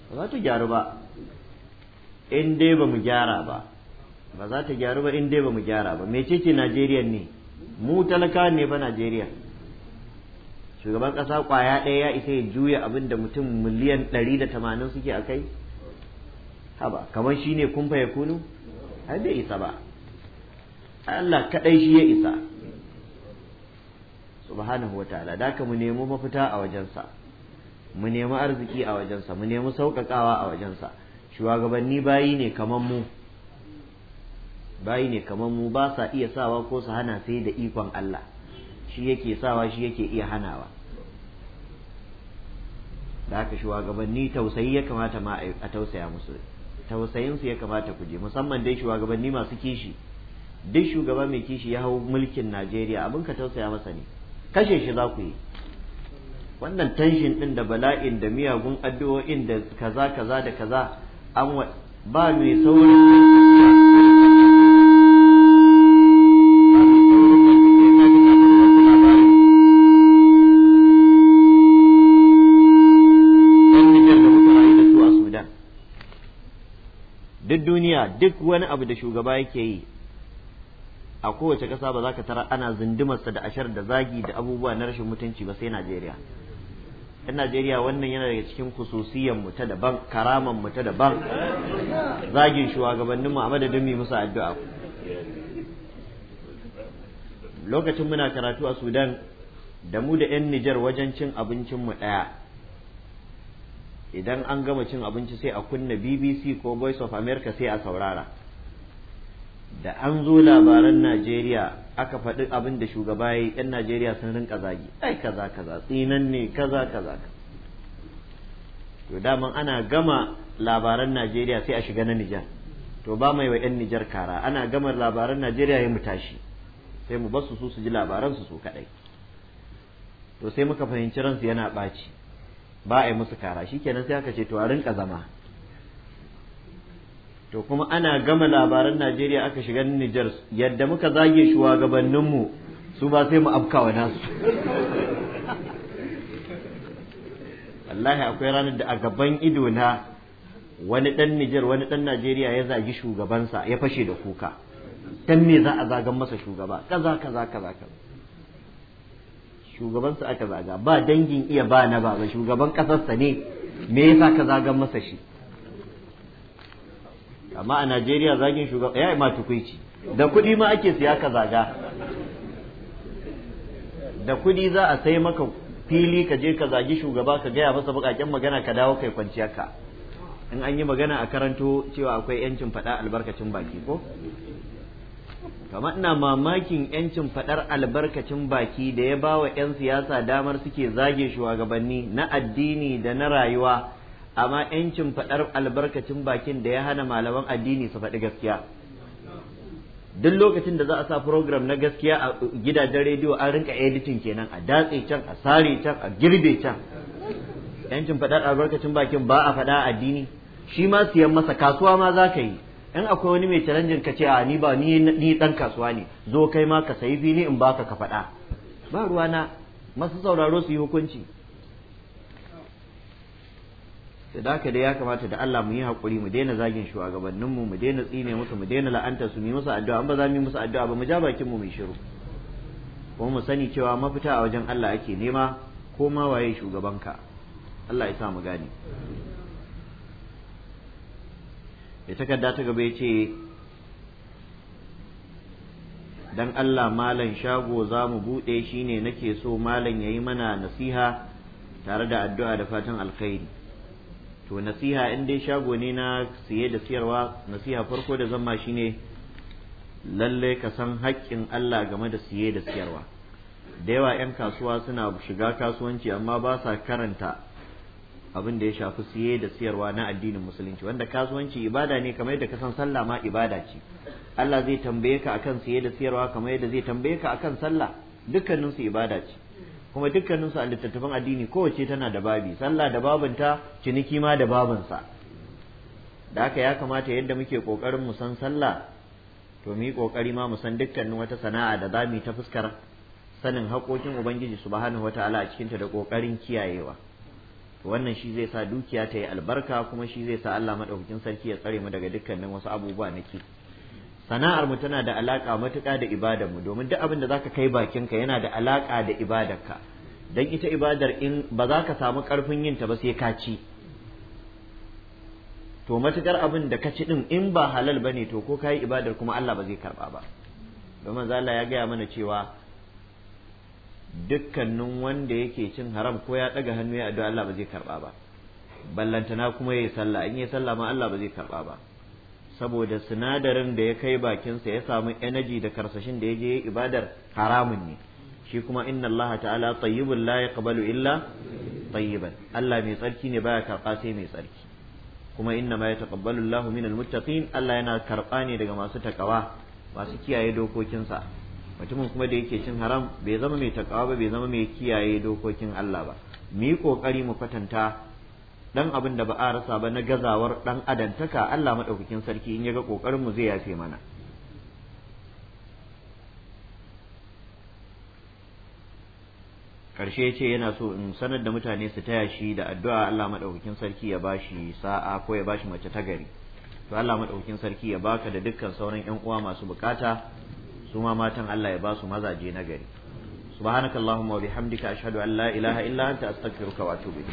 ba za ta gyaru ba in dai ba mu gyara ba ba za ta gyaru ba in dai ba mu gyara ba mecece Najeriya ne mu talaka ne ba Najeriya shugaban ƙasa kwaya ɗaya ya isa ya juya abin da mutum miliyan ɗari da tamanin suke a kai haba kamar shi ne kumfa ya kunu har bai isa ba Allah kaɗai shi ya isa subhanahu wa ta'ala da mu nemi mafita a wajensa mu nemi arziki a wajensa mu nemi sauƙaƙawa a wajensa shugabanni bayi ne kamar mu bayi ne kamar mu ba sa iya sawa ko su hana sai da ikon Allah shi yake sawa shi yake iya hanawa da haka shugabanni tausayi ya kamata ma a tausaya musu tausayinsu ya kamata ku je musamman dai shugabanni masu kishi duk shugaba mai kishi ya hau mulkin Najeriya abin ka tausaya masa ne kashe shi za ku yi wannan tanshin din da bala'in da miyagun addu'o'in da kaza kaza da kaza an ba mai saurin duk wani abu da shugaba yake yi a kowace ƙasa ba za ka tara ana zindimarsa da ashar da zagi da abubuwa na rashin mutunci ba sai Najeriya. ‘Yan Najeriya wannan yana daga cikin kususiyan mu ta daban, karaman mu ta daban, zagin shugabannin mu a madadin mu musu addu'a. Lokacin muna karatu a Sudan da mu da ‘yan Nijar wajen cin abincin mu ɗaya. idan an gama cin abinci sai a kunna bbc ko voice of america sai a saurara da an zo labaran najeriya aka faɗi abin da shugaba ya yi yan najeriya sun rinka zagi ai kaza kaza tsinan ne kaza kaza to daman ana gama labaran najeriya sai a shiga na nijar to ba mai wa yan nijar kara ana gama labaran najeriya ya mu tashi sai mu basu su su ji labaran su su kaɗai to sai muka fahimci ransu yana ɓaci ba a yi musu kara kenan sai aka ce to a rinka zama to kuma ana gama labaran Najeriya aka shiga Nijar yadda muka zage shugabanninmu su ba sai mu afkawa nasu wallahi akwai ranar da a gaban ido na wani dan Nijar wani dan Najeriya ya zagi shugabansa ya fashe da kuka dan me za a zagan masa shugaba kaza kaza kaza kaza shugabansa aka zaga ba dangin iya ba na ba shugaban ƙasarsa ne me yasa ka zagan masa shi amma a Najeriya zagin shugaban ya ma tukuici da kuɗi ma ake siya ka zaga da kuɗi za a sai maka fili ka je ka zagi shugaba ka gaya masa buƙaƙen magana ka dawo kai kwanciyarka in an yi magana a karanto cewa akwai 'yancin faɗa albarkacin baki ko kamar ina mamakin yancin faɗar albarkacin baki da ya ba wa 'yan siyasa damar suke zage shugabanni na addini da na rayuwa amma yancin faɗar albarkacin bakin da ya hana malaman addini su faɗi gaskiya duk lokacin da za a sa program na gaskiya a gidajen rediyo an rinka editing kenan a datse can a sare can a girbe can yancin faɗar albarkacin bakin ba a faɗa addini shi ma siyan masa kasuwa ma za ka yi in akwai wani mai challenge ka ce a ni ba ni ni dan kasuwa ne zo kai ma ka sayi fili in baka ka faɗa ba ruwana masu sauraro su yi hukunci da haka dai ya kamata da Allah mu yi hakuri mu daina zagin shugabannin mu mu daina tsine musu mu daina la'anta su mu yi musu addu'a an ba za mu yi musu addu'a ba mu ja bakin mu mai shiru kuma mu sani cewa mafita a wajen Allah ake nema ko ma waye shugabanka Allah ya sa mu gane ya takarda ta gaba ya ce dan Allah malam shago za mu buɗe shi ne nake so malam ya yi mana nasiha tare da addu'a da fatan alkhairi to nasiha in dai shago ne na siye da siyarwa nasiha farko da zama shi ne lalle ka san haƙƙin Allah game da siye da siyarwa da yawa 'yan kasuwa suna shiga kasuwanci amma ba sa karanta abin da ya shafi siye da siyarwa na addinin musulunci wanda kasuwanci ibada ne kamar yadda kasan sallah ma ibada ce Allah zai tambaye ka akan siye da siyarwa kamar yadda zai tambaye ka akan sallah dukkanin su ibada ce kuma dukkanin su a littattafan addini kowace tana da babi sallah da babinta ciniki ma da babinsa da haka ya kamata yadda muke kokarin mu san sallah to mu yi kokari ma mu san dukkanin wata sana'a da zamu ta fuskar sanin haƙoƙin ubangiji subhanahu wataala a cikinta da kokarin kiyayewa wannan shi zai sa dukiya ta yi albarka kuma shi zai sa Allah madaukakin sarki ya tsare mu daga dukkanin wasu abubuwa na ki sana'ar mu tana da alaka matuƙa da ibadar mu domin duk abin da zaka kai bakin ka yana da alaka da ibadar ka dan ita ibadar in ba za ka samu karfin yin ta ba sai ka ci to matuƙar abin da ka ci din in ba halal bane to ko kai ibadar kuma Allah ba zai karba ba domin Allah ya gaya mana cewa dukkanin wanda yake cin haram ko ya ɗaga hannu ya addu'a Allah ba zai karba ba ballantana kuma yayi sallah in yayi sallah ma Allah ba zai karba ba saboda sinadarin da ya kai bakinsa ya samu energy da karsashin da ya je ibadar haramun ne shi kuma inna Allah ta'ala tayyibul la yaqbalu illa tayyiban Allah mai tsarki ne baya karba sai mai tsarki kuma inna ma yataqabbalu Allahu minal muttaqin Allah yana karɓa ne daga masu takawa masu kiyaye dokokinsa mutumin kuma da yake cin haram bai zama mai takawa ba bai zama mai kiyaye dokokin Allah ba mu yi kokari mu kwatanta dan abin da ba a rasa ba na gazawar dan adantaka Allah madaukakin sarki in ya ga kokarin mu zai yafe mana karshe ce yana so in sanar da mutane su taya shi da addu'a Allah madaukakin sarki ya bashi sa'a ko ya bashi mace ta gari to Allah madaukakin sarki ya baka da dukkan sauran yan uwa masu bukata su ma matan Allah ya ba su mazaje na gari subhanakallahumma wa bihamdika ashhadu an la ilaha illa anta astaghfiruka wa atubu